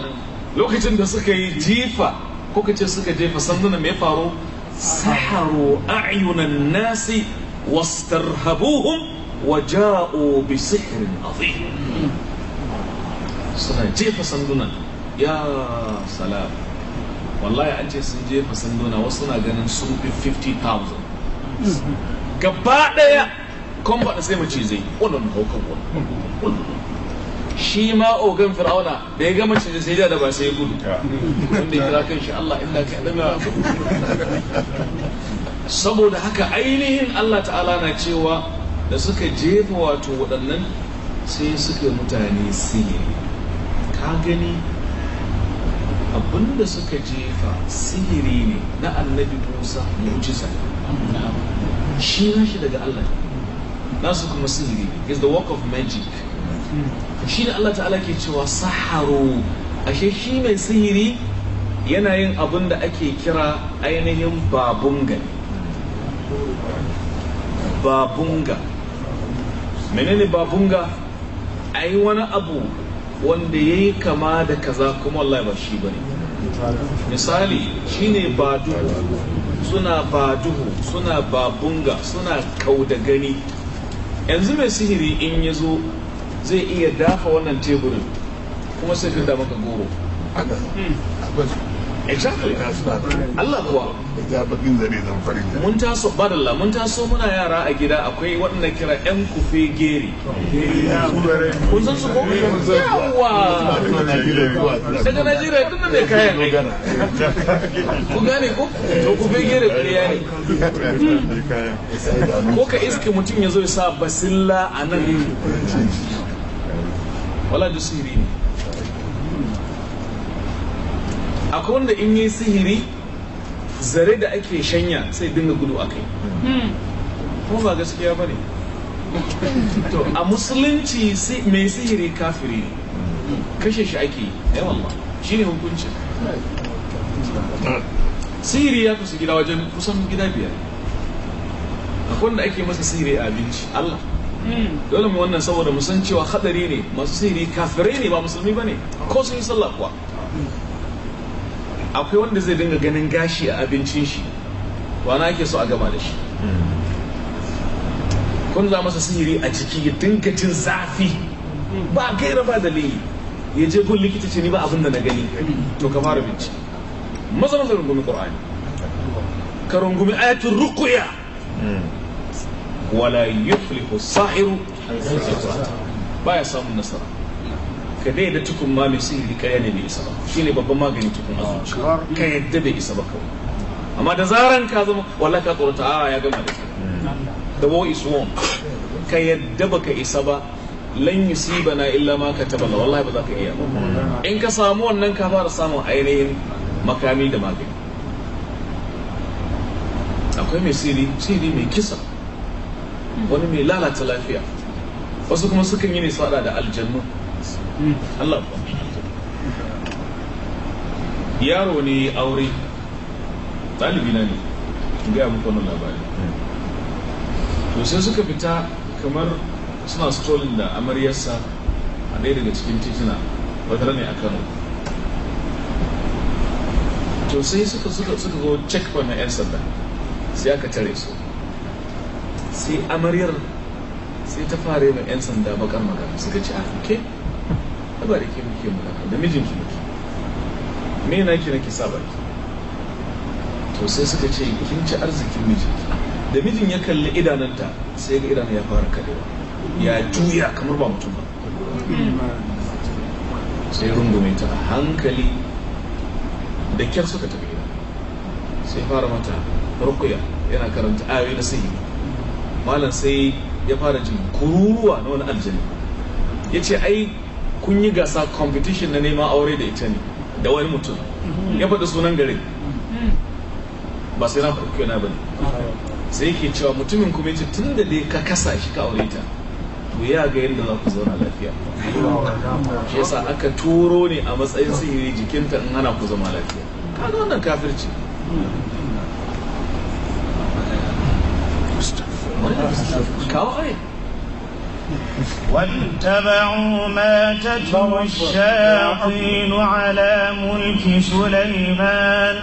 lokacin da suka yi jifa ko ka ce suka jefa sanduna mai faru saharu a'yunan nasi wastarhabuhum wa ja'u bi sihrin azim suna jefa sanduna ya salam wallahi an ce sun jefa sanduna wasu na ganin sun fi 50,000 gaba daya kwamba da sai mace zai wannan wannan shi ma ogan fir'auna da ya gama cin sai da ba sai gudu wanda ya kira kan shi Allah illa ka dama saboda haka ainihin Allah ta'ala na cewa da suka jefa wato waɗannan sai suka mutane sihiri ka gani abinda suka jefa sihiri ne na annabi musa mu'jisa shi na shi daga Allah nasu kuma sihiri is the work of magic shi ne Allah ta'ala ke cewa saharo ashe shi mai sihiri yana yin abin da ake kira ainihin babunga babunga menene babunga a yi wani abu wanda ya yi kama da kaza kuma Allah ba shi ba misali shi ne baduhu suna baduhu suna babunga suna kau da gani yanzu mai sihiri in ya zo zai iya dafa wannan teburin kuma sai fi maka goro hmm. exactly Allah kuwa mun taso badalla mun taso muna yara a gida akwai waɗanda kira yan kufe geri kun san su ko eh, yawa daga Najeriya tun da mai kayan ne ku gane ko to kufe geri ya ne hmm. ko ka iske mutum ya zo ya sa basilla a nan eh, wala da sihiri ne akwai wanda in yi sihiri zare da ake shanya sai dinga gudu a kai kuma ba gaskiya ba ne to a musulunci mai sihiri kafiri ne kashe shi ake yi yawan eh, ma shi ne hukuncin sihiri ya kasu gida wajen kusan gida biyar akwai wanda ake masa sihiri a abinci allah dole mu wannan saboda mu san cewa hadari ne masu sihiri kafirai ne ba musulmi bane ko sun yi sallah kuwa akwai wanda zai dinga ganin gashi a abincin shi wana ake so a gama da shi kun za masa sihiri a ciki ya dinga jin zafi ba gaira ba dalili ya je gun likita ce ni ba abin da na gani to ka fara bincike maza maza rungumi qur'ani ka rungumi ayatul ruqya wala yuflihu sahiru baya samun nasara ka dai da tukun ma mai sihiri ka ne mai isa ba Shi ne babban magani tukun azuci ka yadda bai isa ba kawai amma da zaran ka zama wala ka tsorata a ya gama da kai the war is won ka yadda baka isa ba lan yusibana illa ma kataballa wallahi ba za ka iya ba in ka samu wannan ka fara samun ainihin makami da magani akwai mai siri sihiri mai kisa wani mai lalata lafiya wasu kuma sukan yi ne su da aljannu Allah yaro ne aure ɗalibi na ne gaya muku wani labari to sai suka fita kamar suna strolling da amaryarsa a ɗaya daga cikin titina wadda ne a kano to sai suka suka suka zo check na 'yan sanda sai aka tare su sai amaryar sai ta fara yin 'yan sanda bakar magana suka ce a ke ba da ke muke da mijinki muke me na ki nake sa baki to sai suka ce kin ci arzikin mijinki da mijin ya kalli idananta sai ga idanun ya fara kadewa ya juya kamar ba mutum ba sai rungume ta a hankali da kyar suka tafi gida sai fara mata rukuya yana karanta ayoyi na sihiri malam sai ya fara jin kururuwa na wani aljani ya ce ai kun yi gasa competition na neman aure da ita ne da wani mutum mhm. ya faɗi sunan gare mhm. ba sai na faɗi kyau na bane sai yake cewa mutumin kuma ce tun da dai ka kasa shi ka aure ta to ya ga yadda za ku zauna lafiya shi yasa aka turo ne a matsayin sihiri jikinta in hana ku zama lafiya kaga wannan kafirci واتبعوا ما تتلو الشياطين على ملك سليمان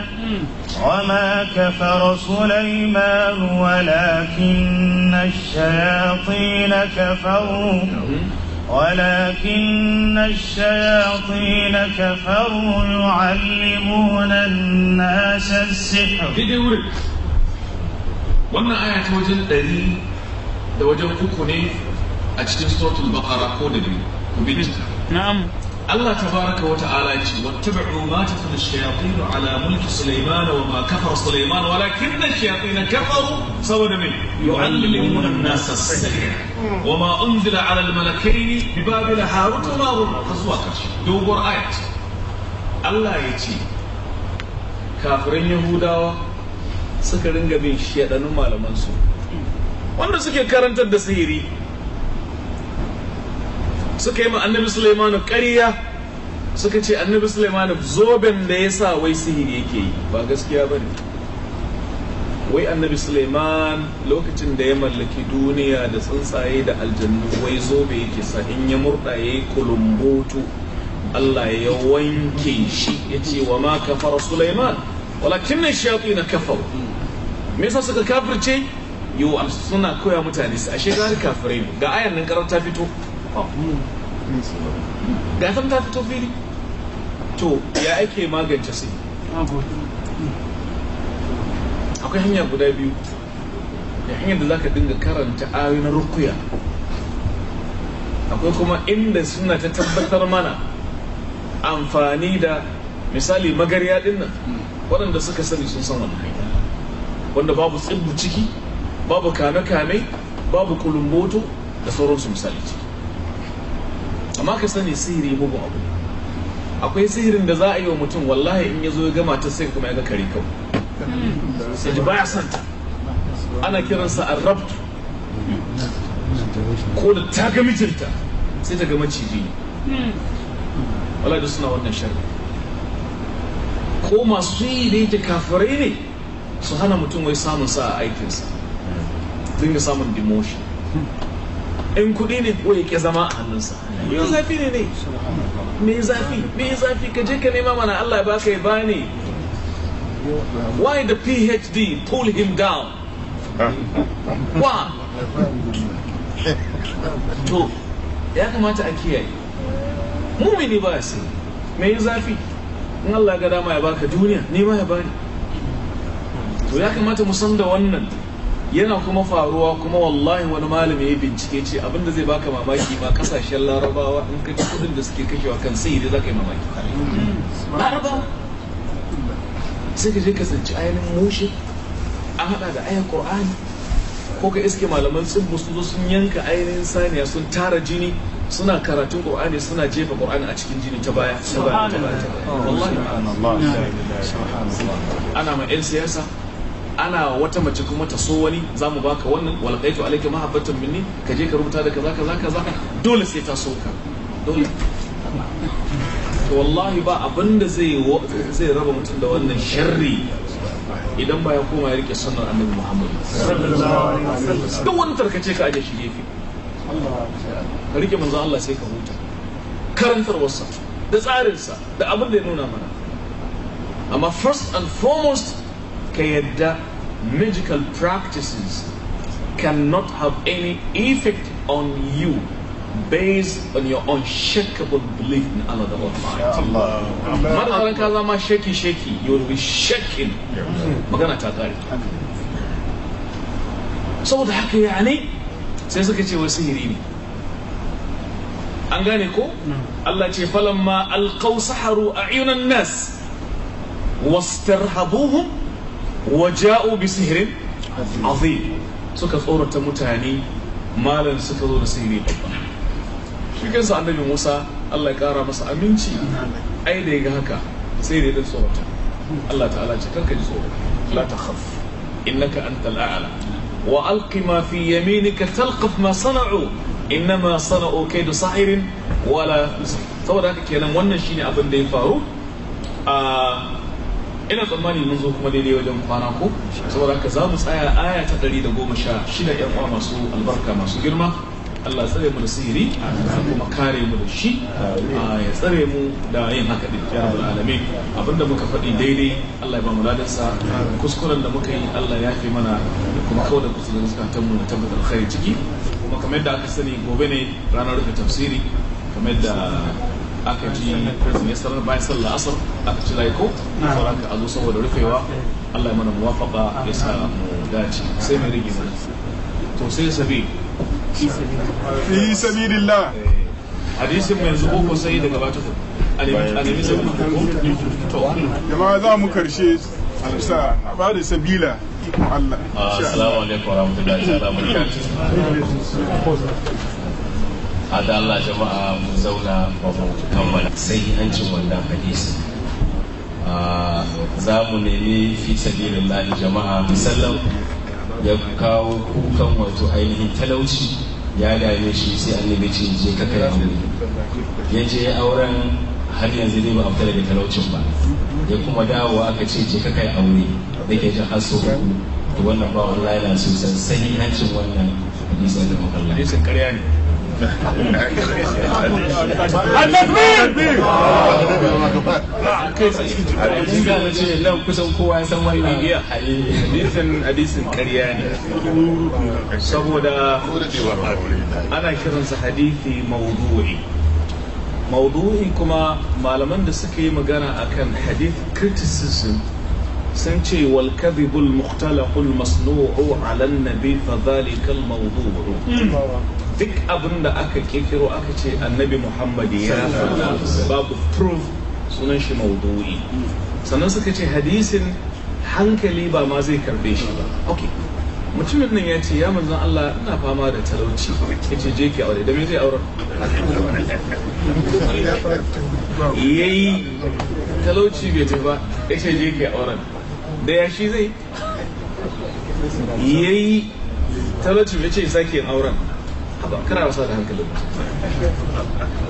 وما كفر سليمان ولكن الشياطين كفروا ولكن الشياطين كفروا يعلمون الناس السحر wannan aya ta wajen ɗari da wajen uku ne a cikin suratul baqara ko da biyu ku bi na'am Allah tabaraka wa ta'ala ya ce wattaba'u ma tatlu shayatin ala mulki Sulaiman wa ma kafara Sulaiman walakinna shayatin kafaru saboda me yu'allimuna an-nas as-sihr wa ma unzila ala al-malakayn bi babil harut wa marut kasuwa kashi dogon ayat Allah ya ce kafirin Yahudawa suka ringa bin shaɗanun malamansu wanda suke karantar da sihiri suka yi ma annabi Sulaimanu ƙarya suka ce annabi Sulaimanu zoben da ya sa wai sihiri yake yi ba gaskiya ba ne wai annabi Sulaiman lokacin da ya mallaki duniya da tsuntsaye da aljannu wai zobe yake sa in ya murɗa ya yi kulumbutu Allah ya wanke shi ya ce wa ma kafar Suleiman. walakin shayatin kafaru me yasa suka kafirce yo suna koya mutane su ashe ga kafirai ne ga ayan nan karanta fito ga san ta fito fili to ya ake magance su akwai hanya guda biyu da hanyar da zaka dinga karanta ayoyi na rukuya akwai kuma inda suna ta tabbatar mana amfani da misali magarya dinnan. waɗanda suka sani sun san wannan wanda babu tsibbu ciki babu kame-kame babu kulumboto da sauransu misali ciki amma ka sani sihiri mugun abu akwai sihirin da za a yi wa mutum wallahi in ya zo ya gama ta sai kuma ya ga kare kau sai ji baya santa ana kiransa arrabtu ko da ta ga mijinta sai ta ga maciji hmm. wala da suna wannan sharri ko masu yi da yake kafare ne su hana mutum wai samun sa a aikinsa dinga samun demotion in kuɗi ne ko ya zama a hannunsa ya zafi ne ne me zafi me zafi ka je ka nema mana Allah ya baka ya bani why the PhD pull him down to ya kamata a kiyaye mumini ba sai me zafi in Allah ga dama ya baka duniya ni ma ya bani to ya kamata mu san da wannan yana kuma faruwa kuma wallahi wani malami ya bincike ce abinda zai baka mamaki ma kasashen larabawa in ka ji kudin da suke kashewa kan sai da zaka yi mamaki laraba sai ka je ka tsanci ainihin mushi an hada da ayan qur'ani ko ka iske malaman tsibbu sun sun yanka ainihin saniya sun tara jini suna karatun qur'ani suna jefa qur'ani a cikin jini ta baya ta baya ta baya wallahi ana ma yan siyasa ana wata mace kuma ta so wani za mu baka wannan walqaitu alayka mahabbatan minni ka je ka rubuta da kaza kaza kaza dole sai ta so ka dole to wallahi ba abinda zai zai raba mutum da wannan sharri idan ba ya koma ya rike sunnar annabi Muhammad sallallahu alaihi wasallam duk wani tarkace ka aje shi gefe ka rike manzon Allah sai ka huta karantarwarsa da tsarinsa da abin da ya nuna mana amma first and foremost ka yadda magical practices cannot have any effect on you based on your unshakable belief in Allah the Almighty. Madaran ka ma shaki shaki, you will be shaking. Magana ta kare. Saboda haka yani sai suka ce wasu sihiri ne. an gane ko Allah ce falamma alqaw saharu ayunan nas wastarhabuhum waja'u bi sihrin azim suka tsorata mutane malan suka zo da sihiri babba shi kansa annabi Musa Allah ya kara masa aminci ai da yaga haka sai da ya tsorata Allah ta'ala ce kanka ji tsoro la takhaf innaka antal a'la wa alqi ma fi yaminika talqaf ma sana'u innama sana'u da sahirin wala saboda haka kenan wannan shi ne abin da ya faru a ina tsammani mun zo kuma daidai wajen kwana ko saboda haka za mu tsaya aya ta ɗari da goma sha shida yan uwa masu albarka masu girma Allah tsare mu da sihiri kuma kare mu da shi ya tsare mu da yin haka din ya rabu alamin abinda muka faɗi daidai Allah ya ba mu ladan kuskuren da muka yi Allah ya fi mana da kuma da kusurin mu tabbatar alkhairi ciki kuma kamar da aka sani gobe ne ranar rufe tafsiri kamar da aka ji prison ya sarar bayan sallar asar aka ci laiko fara ka azo saboda rufewa Allah ya mana muwafaka ya sa mu dace sai mai rigi mana to sai sabi fi sabi dilla eh, hadisin mai yanzu ko sai daga bata ku a nemi sabi ko to jama'a za mu karshe alisa ba da sabila ikon Allah ah, assalamu alaikum warahmatullahi wabarakatuh ada Allah jama'a mu zauna ba mu kammala sai hancin wannan hadisi ah, za mu nemi fi sabilillahi jama'a musallam ya kawo kukan wato ainihin talauci ya dame shi sai an annabi ce je ka kai aure ya je auren har yanzu ne ba a fita daga talaucin ba da kuma dawowa aka ce je ka kai aure da ke jin haso to wannan ba wallahi na so sai hancin wannan hadisin da muka Allah hadisin ƙarya ne hadisin hadisin ƙarya ne saboda ana kiransa hadisi mawdu'i maudu'i kuma malaman da suka yi magana akan hadith criticism sun ce wal kadhibul mukhtalaqul masnu'u 'ala an-nabi fa dhalika al-mawdu'u duk abin da aka kekiro aka ce annabi Muhammad ya babu proof sunan shi maudu'i sannan suka ce hadisin hankali ba ma zai karbe shi ba okay mutumin nan ya ce ya manzan Allah ina fama da talauci ya ce je ki aure da me zai aure yayi talauci bai tafi ba ya ce je ki auren da ya shi zai yayi talauci bai ce sake yin auren ba kana wasa da hankalin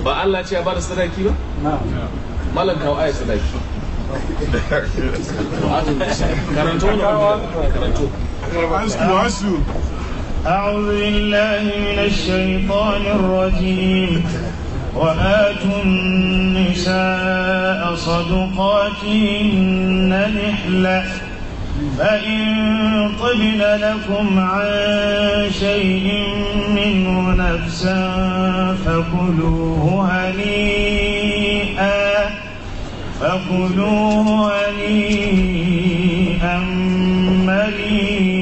ba Allah ce ya da sadaki ba malam kawo aya sadaki karanto wani karanto أعوذ بالله من الشيطان الرجيم وآتوا النساء صدقاتهن نحلة فإن طبن لكم عن شيء منه نفسا فكلوه هنيئا فكلوه هنيئا مريئا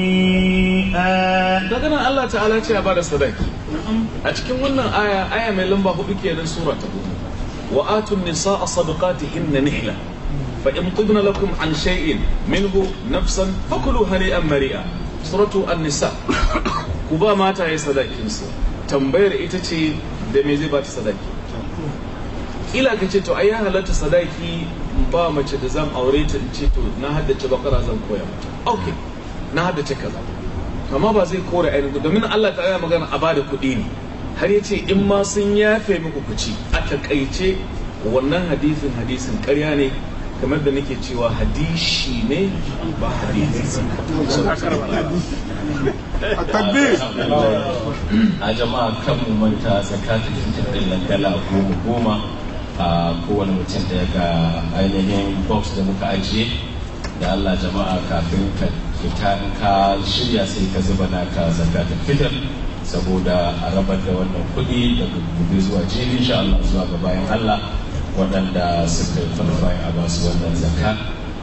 nan Allah ta'ala ce ya ba da sadaki a cikin wannan aya aya mai lamba hudu kenan sura ta wa atun nisaa hinna nihla fa in tibna lakum an shay'in minhu nafsan fakulu hari'an mari'a suratu an-nisa ku ba mata ya sadakin su tambayar ita ce da me zai ba ta sadaki kila ka ce to ai ya halatta sadaki ba mace da zan aure ta in ce to na haddace bakara zan koya mata okay na haddace kaza amma ba zai kore ainihin domin Allah ta yi magana a bada kuɗi ne har ya ce in ma sun yafe muku kuci a takaice wannan hadisin hadisin karya ne kamar da nake cewa hadishi ne ba hadisi a jama'a kan mu manta zakatun dala goma goma a kowane mutum da ga ainihin box da muka ajiye da Allah jama'a kafin ka da ta ka shirya sai ka zuba naka ta fitar saboda a rabar da wannan kuɗi daga gobe zuwa jini insha Allah zuwa ga bayan Allah waɗanda suka yi farfai a basu wannan zaka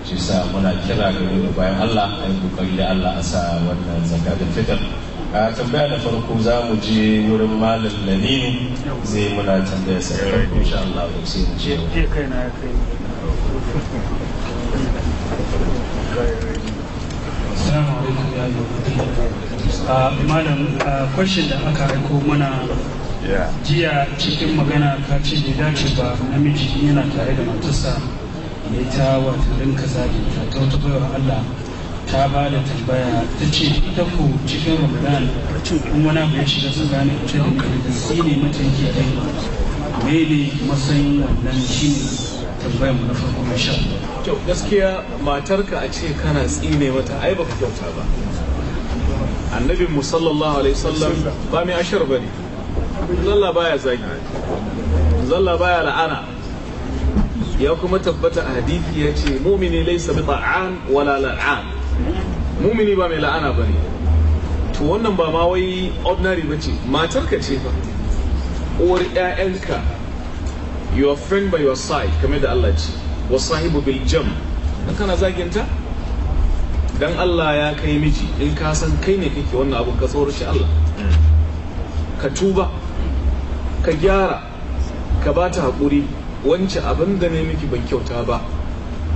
shi sa muna kira ga da bayan Allah a yi kokari da Allah a sa wannan da fitar a tambaya da farko za mu je wurin malam lamini zai muna tambaya sai farko insha Allah da sai mu je kai na kai Assalamu alaikum ya yi ah, Malam, ah, question da aka aiko mana jiya cikin magana ka ce bai dace ba namiji yana tare da matarsa ya ta wata rinka zagi ta ta wata baiwa Allah ta ba da tambaya ta ce ita ko cikin Ramadan in wani abu ya shiga gane ita da mijinta ne mata yake kai mene matsayin wannan shine tambayar mu na farko mai sha kyau gaskiya matarka a ce kana tsine mata ai baka kyauta ba annabi musallallahu alaihi wasallam ba mai ashar bane zalla baya zagi zalla baya la'ana ya kuma tabbata a hadisi ya ce mumini laysa bi ta'an wala la'an mumini ba mai la'ana bane to wannan ba ma wai ordinary bace matarka ce fa uwar ƴaƴanka your friend by your side kamar da Allah ce wa sahibu bil jam dan kana zaginta dan Allah ya kai miji in ka san kai ne kake wannan abun ka tsoro shi Allah ka tuba ka gyara ka ba ta haƙuri wance abin da ne miki ban kyauta ba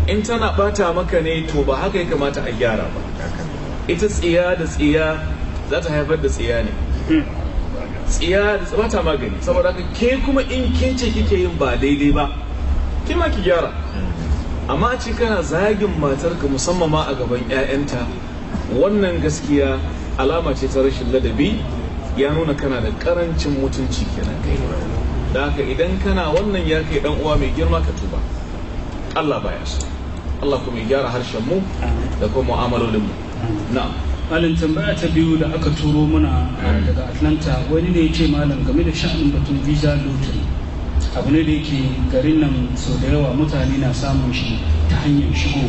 in tana bata maka ne to ba haka ya kamata a gyara ba ita tsiya da tsiya za ta haifar da tsiya ne tsiya da ta magani saboda ke kuma in ke kike yin ba daidai ba ke ma ki gyara amma a ce kana zagin matarka musamman ma a gaban 'ya'yanta wannan gaskiya alama ce ta rashin ladabi ya nuna kana da karancin mutunci kenan kai da haka idan kana wannan ya kai dan uwa mai girma ka tuba Allah baya so Allah kuma ya gyara harshen mu da kuma mu'amalolin mu na'am tambaya ta biyu da aka turo mana daga Atlanta wani ne ya ce malam game da sha'anin batun visa lottery abu ne da yake garin nan sau da yawa mutane na samun shi ta hanyar shigo.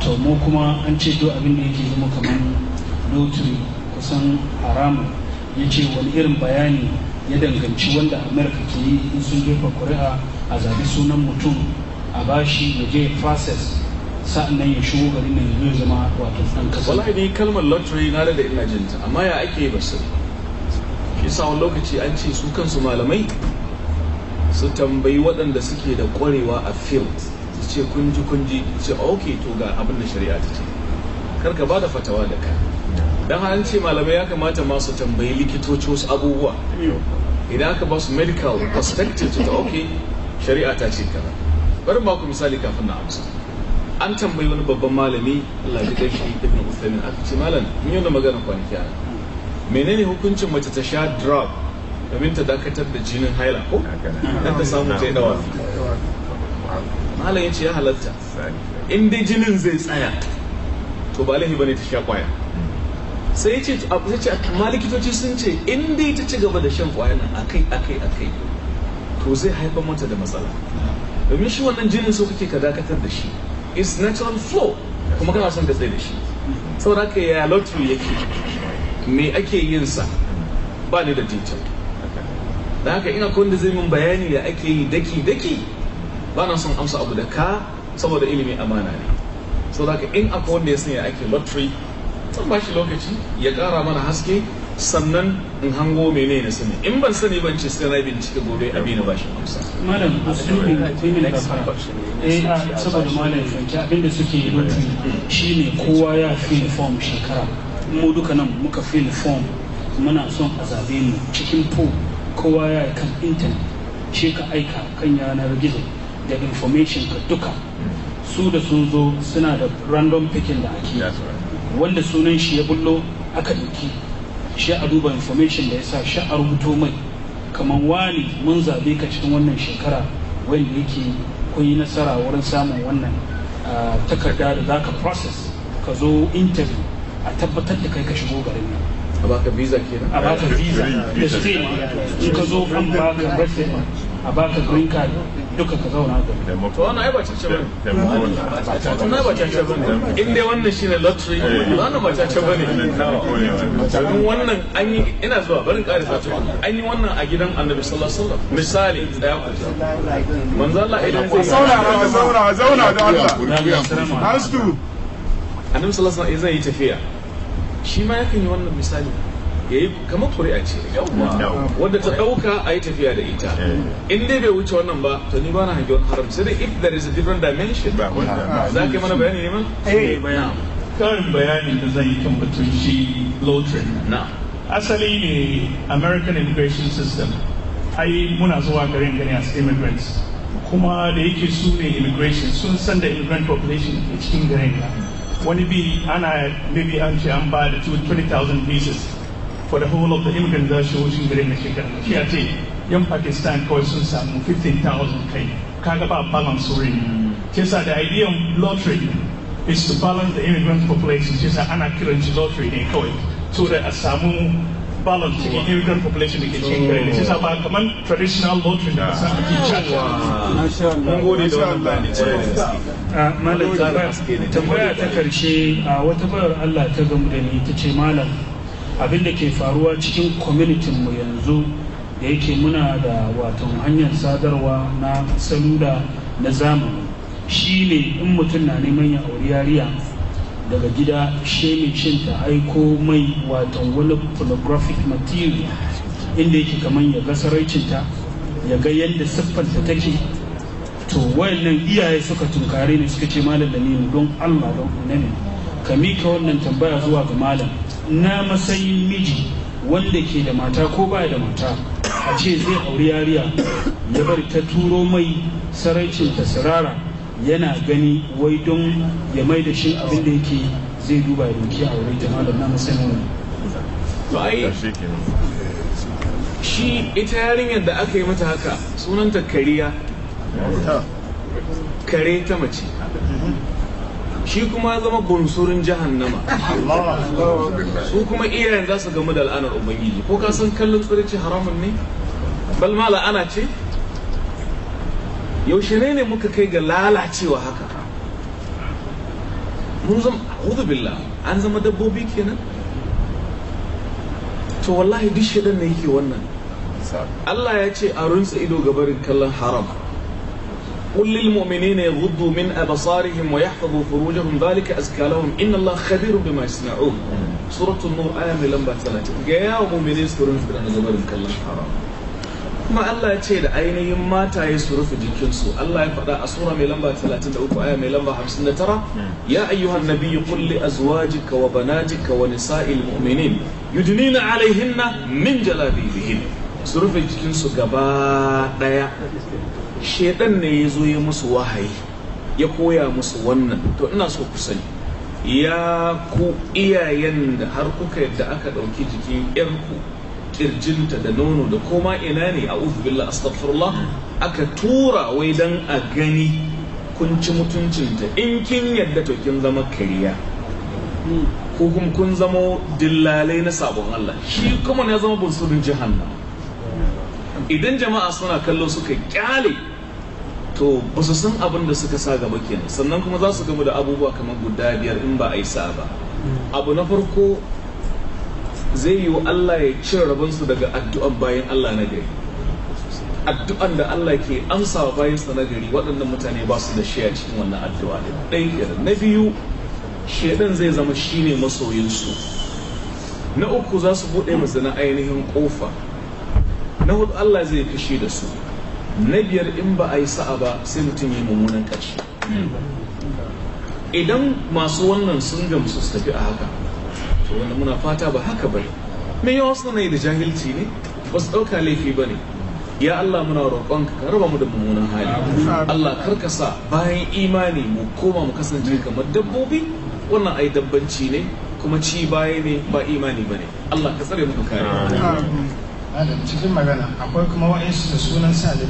to mu kuma an ce duk abin da yake zama kamar lotiri kusan haramun ya ce wani irin bayani ya danganci wanda amurka ke yi in sun jefa kuri'a a zabi sunan mutum a bashi ya je process sa'an nan ya shigo garin nan zai zama wato ɗan kasa wallahi ni kalmar lottery na da ina jinta amma ya ake basir shi sa wani lokaci an ce su kansu malamai su tambayi waɗanda suke da ƙwarewa a field su ce kunji kunji ce ok to ga abin da shari'a ta ce kar ka bada fatawa da kai. dan an ce malamai ya kamata ma su tambayi likitoci wasu abubuwa idan aka ba su medical perspective ta ok shari'a ta ce kaza bari ba ku misali kafin na amsa an tambayi wani babban malami Allah ya gashi ibn Uthaymeen aka ce malam mun yi magana kwanaki menene hukuncin mace ta sha drug domin ta dakatar da jinin haila ko dan ta samu ta yi dawafi malam ce ya halatta in dai jinin zai tsaya to ba lahi bane ta sha kwaya sai yace abu ce amma likitoci sun ce in dai ta ci gaba da shan kwaya nan akai akai akai to zai haifar mata da matsala domin shi wannan jinin so kake ka dakatar da shi is natural flow kuma kana son ka tsaye da shi saboda haka ya lotu yake me ake yin sa ba ni da detail da haka ina kun zai mun bayani da ake yi daki daki ba na son amsa abu da ka saboda ilimi amana ne so da in aka wanda ya sanya ake lottery zan ba shi lokaci ya kara mana haske sannan in hango mene na sani in ban sani ban ce sai na bincike gobe abin ba shi amsa malam usulun tunin da a eh, saboda malam yanki abinda suke yi lottery shine kowa ya fill form shekara mu duka nan muka fill form muna son a zabe mu cikin po. kowa ya yi kan intanet shi ka aika kan yanar gizo da information ka duka su da sun zo suna da random picking da ake wanda sunan shi ya bullo aka ɗauki shi a duba information da ya sa shi a rubuto mai kamar wani mun zabe ka cikin wannan shekara wanda yake kun yi nasara wurin samun wannan ah, takarda da za ka process ka zo interview a tabbatar da kai ka shigo garin nan a baka visa kenan a baka visa da stay in ka zo an baka resident a baka green card duka ka zauna da to wannan ai ba cace bane wannan ba cace bane in dai wannan shine lottery eh. wannan ba cace bane don wannan an yi ina zuwa barin ƙari sa an yi wannan a gidan annabi sallallahu alaihi wasallam misali tsaya ku manzo Allah idan zai zauna zauna zauna da Allah hastu annabi sallallahu alaihi wasallam zai yi tafiya shi ma yakan yi wannan misali ya yi kamar kuri'a ce wadda ta ɗauka a yi tafiya da ita eh. in dai bai wuce wannan ba to ni ba na hangi wani haram sai dai if there is a different dimension za ka yi mana bayani ne ma? Eh. bayani karin bayani da zan yi kan batun shi lotrin na asali ne american immigration system ai muna zuwa garin gani as immigrants kuma da yake su ne immigration sun san da immigrant population ke cikin garin wani bi ana maybe an ce an ba da 20,000 pieces for the whole of the immigrant za shi wucin gare na shekara shi a ce yan pakistan kawai sun samu 15,000 kai kaga ba balance wurin ce sa the idea of lottery is to balance the immigrant population ce sa ana kiran shi lottery ne kawai so da a samu balance cikin immigrant population da ke cikin gari ne sai traditional da uh, ta karshe a uh, wata bayar Allah ta gamu da ni ta ce malam abin da ke faruwa cikin kwamitin mu yanzu da yake muna da wato hanyar sadarwa na salula na zamani shine in mutum na neman ya auri yariya daga gida shemishin ta aiko mai watan wani pornographic material inda yake kamar ya ga saraicinta ya ga yadda siffanta take to wayannan iyaye suka tunkare ne suka ce malam da ne don allah don unami ka mika wannan tambaya zuwa ga malam na matsayin miji wanda ke da mata ko baya da mata a ce zai aure yariya ya bari ta turo mai saraicinta sirara yana gani wai don ya mai da shi abin da yake zai duba ya doki a wurin jama'a da namu sanin shi ita yarinyar da aka yi mata haka sunanta kariya kare ta mace shi kuma zama bunsurin jahannama su kuma iyayen za su gamu da al'anar ubangiji ko ka san kallon tsirici haramun ne balma la'ana ce yaushe ne ne muka kai ga lalacewa haka mun zama hudu billah an zama dabbobi kenan to wallahi duk shaidan ne yake wannan Allah ya ce a runtsa ido gabarin kallon haram قل للمؤمنين يغضوا من أبصارهم ويحفظوا فروجهم ذلك أزكى لهم إن الله خبير بما يصنعون سورة النور آية من لمبة 30 جاء مؤمنين سورة نزبر الكلام حرام kuma Allah ya ce da ainihin mataye su rufe jikinsu Allah ya faɗa a sura mai lamba 33 aya mai lamba 59 ya ayyuhan nabiyyu qul li azwajika wa banatika wa nisa'il mu'minin yudnina alaihinna min jalabibihin su rufe jikinsu gaba daya shedan ne ya zo ya musu wahayi ya koya musu wannan to ina so ku sani ya ku iyayen da har kuka yadda aka ɗauki jikin 'yarku kirjinta da nono da koma ina ne a billah astaghfirullah aka tura wai dan a gani kun ci mutuncinta in kin yadda to kin zama kariya ko kuma kun zama dillalai na sabon Allah shi kuma ne zama bunsurin jahannam idan jama'a suna kallo suka kyale to ba su san abin da suka sa gaba kenan sannan kuma za su gamu da abubuwa kamar guda biyar in ba a yi sa ba abu na farko zai yiwu Allah ya ci rabinsu daga addu'an bayan Allah na gari addu'an da Allah ke amsa wa bayan na gari waɗannan mutane ba su da shiya cikin wannan addu'a ne ɗaya kenan na biyu shaidan zai zama shi ne masoyinsu na uku za su buɗe masu na ainihin ƙofa na hudu Allah zai kashe da su na biyar in ba a yi sa'a ba sai mutum ya mummunan ƙarshe idan masu wannan sun gamsu su tafi a haka to wannan muna fata ba haka bane me ya wasu ne da jahilci ne ba ɗauka laifi ba ne ya Allah muna roƙon ka raba mu da mummunan hali Allah ka sa bayan imani mu koma mu kasance kamar dabbobi wannan ai dabbanci ne kuma ci baya ne ba imani ba ne Allah ka tsare mu kare. cikin magana akwai kuma wa'ansu da sunan sa ne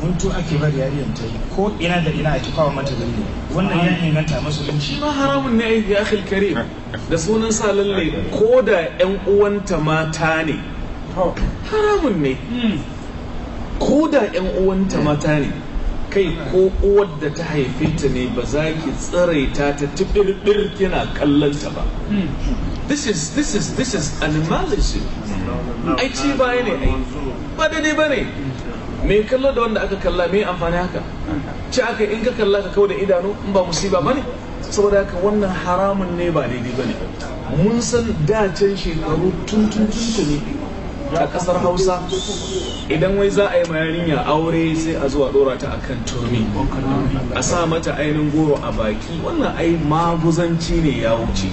guntu ake bari yariyan ta yi ko ina da ina ake kawo mata gani. wannan ya inganta shi ma haramun ne ai ya akhil da sunan sa lalle ko da yan uwanta mata ne haramun ne ko da yan uwanta mata ne kai ko uwar da ta haife ta ne ba za ki tsare ta tibirbir kina kallon ta ba this is this is this is animalism ai ci bai ne ai ba daidai ba ne mai kallo da wanda aka kalla mai amfani haka ci aka in ka kalla ka kawo da idanu in ba musiba bane saboda haka wannan haramun ne ba daidai bane mun san dacen shekaru tuntuntuntu ne a kasar hausa idan wai za a yi ma yarinya aure sai a zuwa dora ta kan turmi a sa mata ainihin goro a baki wannan ai maguzanci ne ya wuce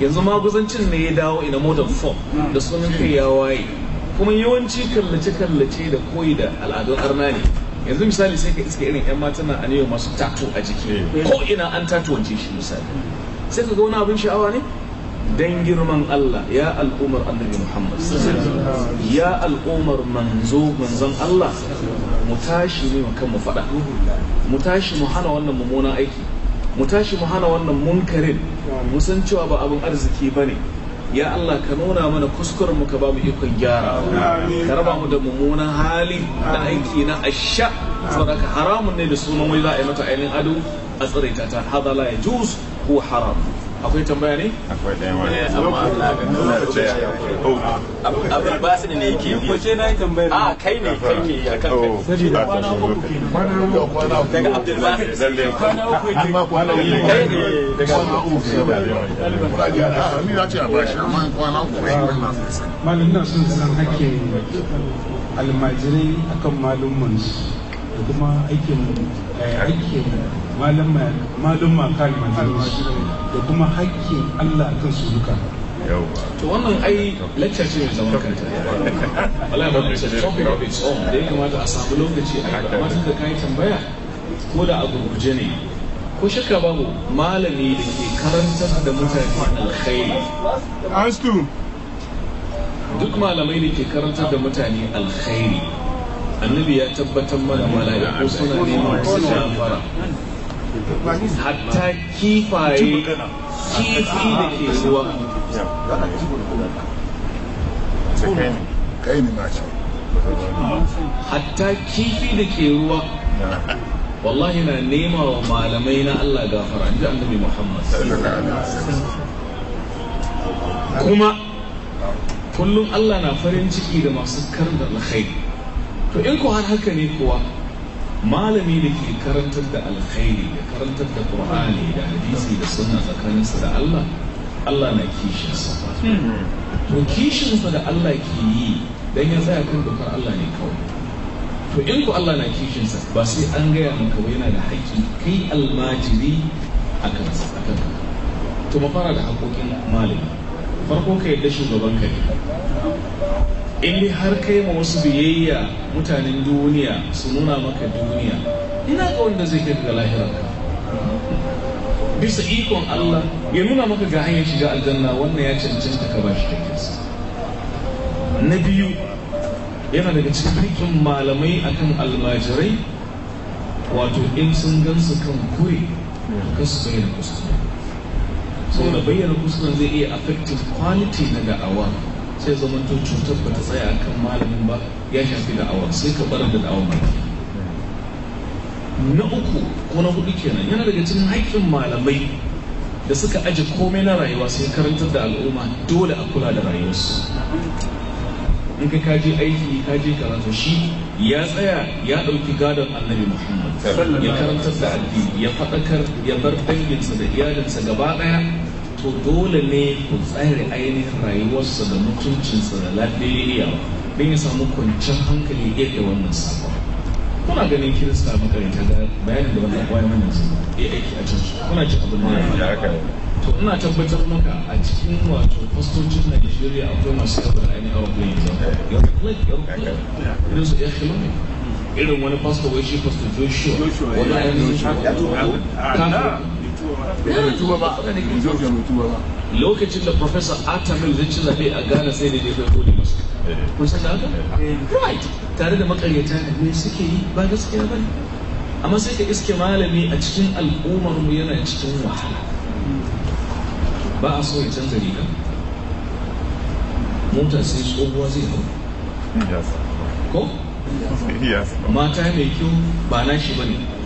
yanzu maguzancin ne ya dawo ina modern form da sunan kai ya waye kuma yawanci kallace-kallace da koyi da al'adun arna ne yanzu misali sai ka iske irin 'yan matan na aniyo masu tato a jiki eh. ko ina an tatuwance shi misali sai ka ga wani abin sha'awa ne dan girman Allah ya al'ummar annabi Muhammad ya al'ummar manzo manzon Allah mu tashi ne mu kan mu faɗa mu tashi mu hana wannan mummunan aiki mu tashi mu hana wannan munkarin mu san cewa ba abin arziki bane ne ya Allah ka nuna mana kuskuren mu ka ba mu ikon gyara ka raba mu da mummunan hali da aiki na asha saboda haramun ne da sunan wai za a yi mata ainihin ado a tsiraita ta hadala ya yajuz ko haram akwai tambaya ne akwai ɗaya ne. Eh, amma Allah ga nuna da ce abin ba su ne yake ko ce na yi tambaya ne. a ah, kai ne kai ne ya kan oh, kai saboda kwana uku ke kwana uku kwana uku daga Abdul Basir lalle kwana uku ke ma kwana uku kai ne daga kwana uku ke ah, ni na ce a bashi amma kwana uku ne wannan malam ina son san hakkin almajirai akan malumman da kuma aikin eh, aikin malum makal da kuma haƙƙin Allah kan suruka to wannan ai lecture ce mai zaman kanta wallahi wannan ce topic of its own da ya kamata a samu lokaci a yi amma tun da kayi tambaya ko da a gurguje ne ko shakka babu malami da ke karantar da mutane alkhairi astu duk malamai da ke karantar da mutane alkhairi annabi ya tabbatar mana mala'iku suna neman wasu shafara hatta kifaye kifi da ke ruwa hatta kifi da ke ruwa wallahi na nema wa malamai na Allah gafara ji annabi Muhammad kuma kullum Allah na farin ciki da masu karin da alkhairi to in ko har haka ne kuwa malami da ke karantar da alkhairi da karantar da qur'ani da hadisi da sunna tsakaninsa da Allah Allah na kishin sa to kishin sa da Allah ke yi dan ya tsaya kan dokar Allah ne kawai to in ku Allah na kishin sa ba sai an gaya maka yana da haƙi kai almajiri akan sa akan to mafara da haƙoƙin malami farko ka yadda shugaban ka ne in dai har kai ma wasu biyayya mutanen duniya su nuna maka duniya ina ga wanda zai kai ga ka? bisa ikon Allah ya nuna maka ga hanyar shiga aljanna wannan ya cancanta ka ba shi na biyu yana daga cikin hakkin malamai akan almajirai wato in sun gansu kan kure su bayyana kuskure saboda bayyana kuskuren zai iya affective quality na da'awa sai zaman to cutar ba ta tsaya kan malamin ba ya shafi da'awa sai ka barar da da'awa ba na uku ko na hudu kenan yana daga cikin haƙƙin malamai da suka aje komai na rayuwa sai karantar da al'umma dole a kula da rayuwarsu in ka kaje aiki ka je karatu shi ya tsaya ya ɗauki gadon annabi muhammad ya karantar da addini ya faɗakar ya bar danginsa da iyalinsa gaba ɗaya to dole ne ku tsare ainihin rayuwarsa da mutuncinsa da lafiya don ya samu kwanciyar hankali iya wannan sakon kuna ganin kirista makaranta da bayanin da wannan kwayar mana zuwa ya aiki a can kuna ci abin da ya to ina tabbatar maka a cikin wato fastocin nigeria akwai masu yawon ainihin aure ne yau yau su ya ne. irin wani fasto wai shi pastor Joshua wani ainihin lokacin da professor Atamil zai ci zabe a Ghana sai da dai bai gode masu eh. kun san haka eh. right tare da makaryata ne suke yi ba gaskiya ne. amma sai ka iske malami a cikin al'ummar mu yana cikin wahala ba a so ya canza riga mota sai tsohuwa zai hau ko mata mai kyau ba na shi ne.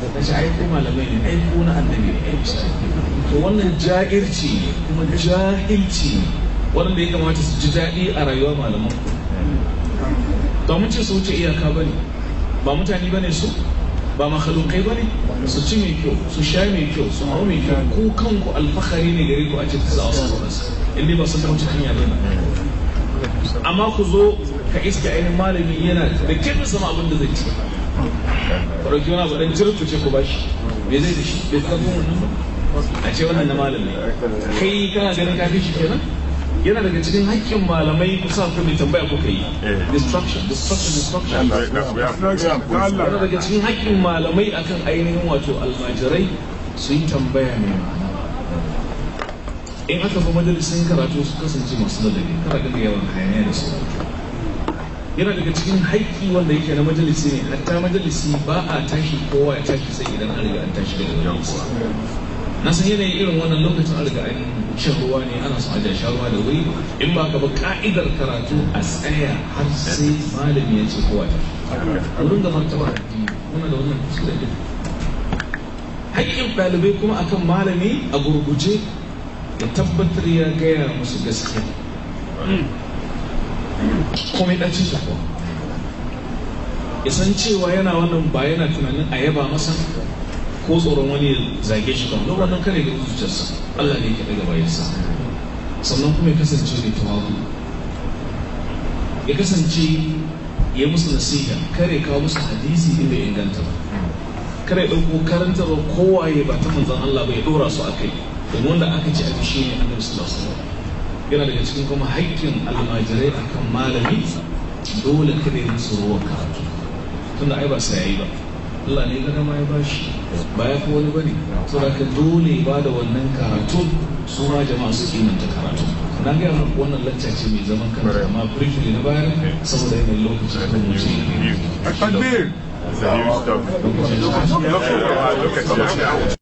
da ka aiko malamai ne aiko na annabi ne aiko wannan ja'irci ne kuma jahilci ne da ya kamata su ji daɗi a rayuwar malaman ba mun ce su wuce iyaka ba ne ba mutane ba ne su ba makhalukai ba ne su ci mai kyau su sha mai kyau su hau mai kyau ku kanku alfahari ne gare ku a cikin wasu. su inda ba a wuce hanya ba amma ku zo ka iska ainihin malami yana da kebin sama abin da zai ci ku ɗauki wani abu ɗan cirkuce ku ba shi me zai da be bai san wannan a ce wannan na malam ne kai kana ganin ka fi shi kenan yana daga cikin haƙƙin malamai ku sa kuma tambaya kuka yi eh. destruction destruction destruction yana daga cikin haƙƙin malamai akan ainihin wato almajirai su yi tambaya mai ma'ana in aka fi majalisun karatu su kasance masu ladabi kada ga yawan hayaniya da sauransu yana daga cikin haiki wanda yake na majalisi ne hatta majalisi ba a tashi kowa ya tashi sai idan an riga an tashi daga majalisi na san yanayin irin wannan lokacin an riga an shan ruwa ne ana son ajiye shan ruwa da wuri in ba ka ba ka'idar karatu a tsaya har sai malami ya ce kowa ta wurin da martaba muna da wannan kuskure haƙƙin ɗalibai kuma akan malami a gurguje ya tabbatar ya gaya musu gaskiya komai ɗancin sa kuwa ya san cewa yana wannan ba yana tunanin a yaba masa ko tsoron wani ya zage shi kan wannan kare da zuciyarsa Allah ne ke daga sa. sannan kuma ya kasance mai tawazu ya kasance ya musu nasiha kare kawo musu hadisi inda inganta ba kare ɗauko karantarwa kowaye ba ta manzan Allah ba ya ɗora su a kai domin wanda aka ce a shi ne annabi sallallahu alaihi wasallam yana daga cikin kuma haƙƙin almajirai akan malami dole ka ne musu ruwan karatu tunda ai ba sa yayi ba Allah ne ga dama ya bashi ba ya fi wani bane saboda ka dole ba da wannan karatu su ma jama'a su kimanta karatu na ga muku wannan lacca ce mai zaman kanta amma briefly na bayar saboda yana lokaci da mu ce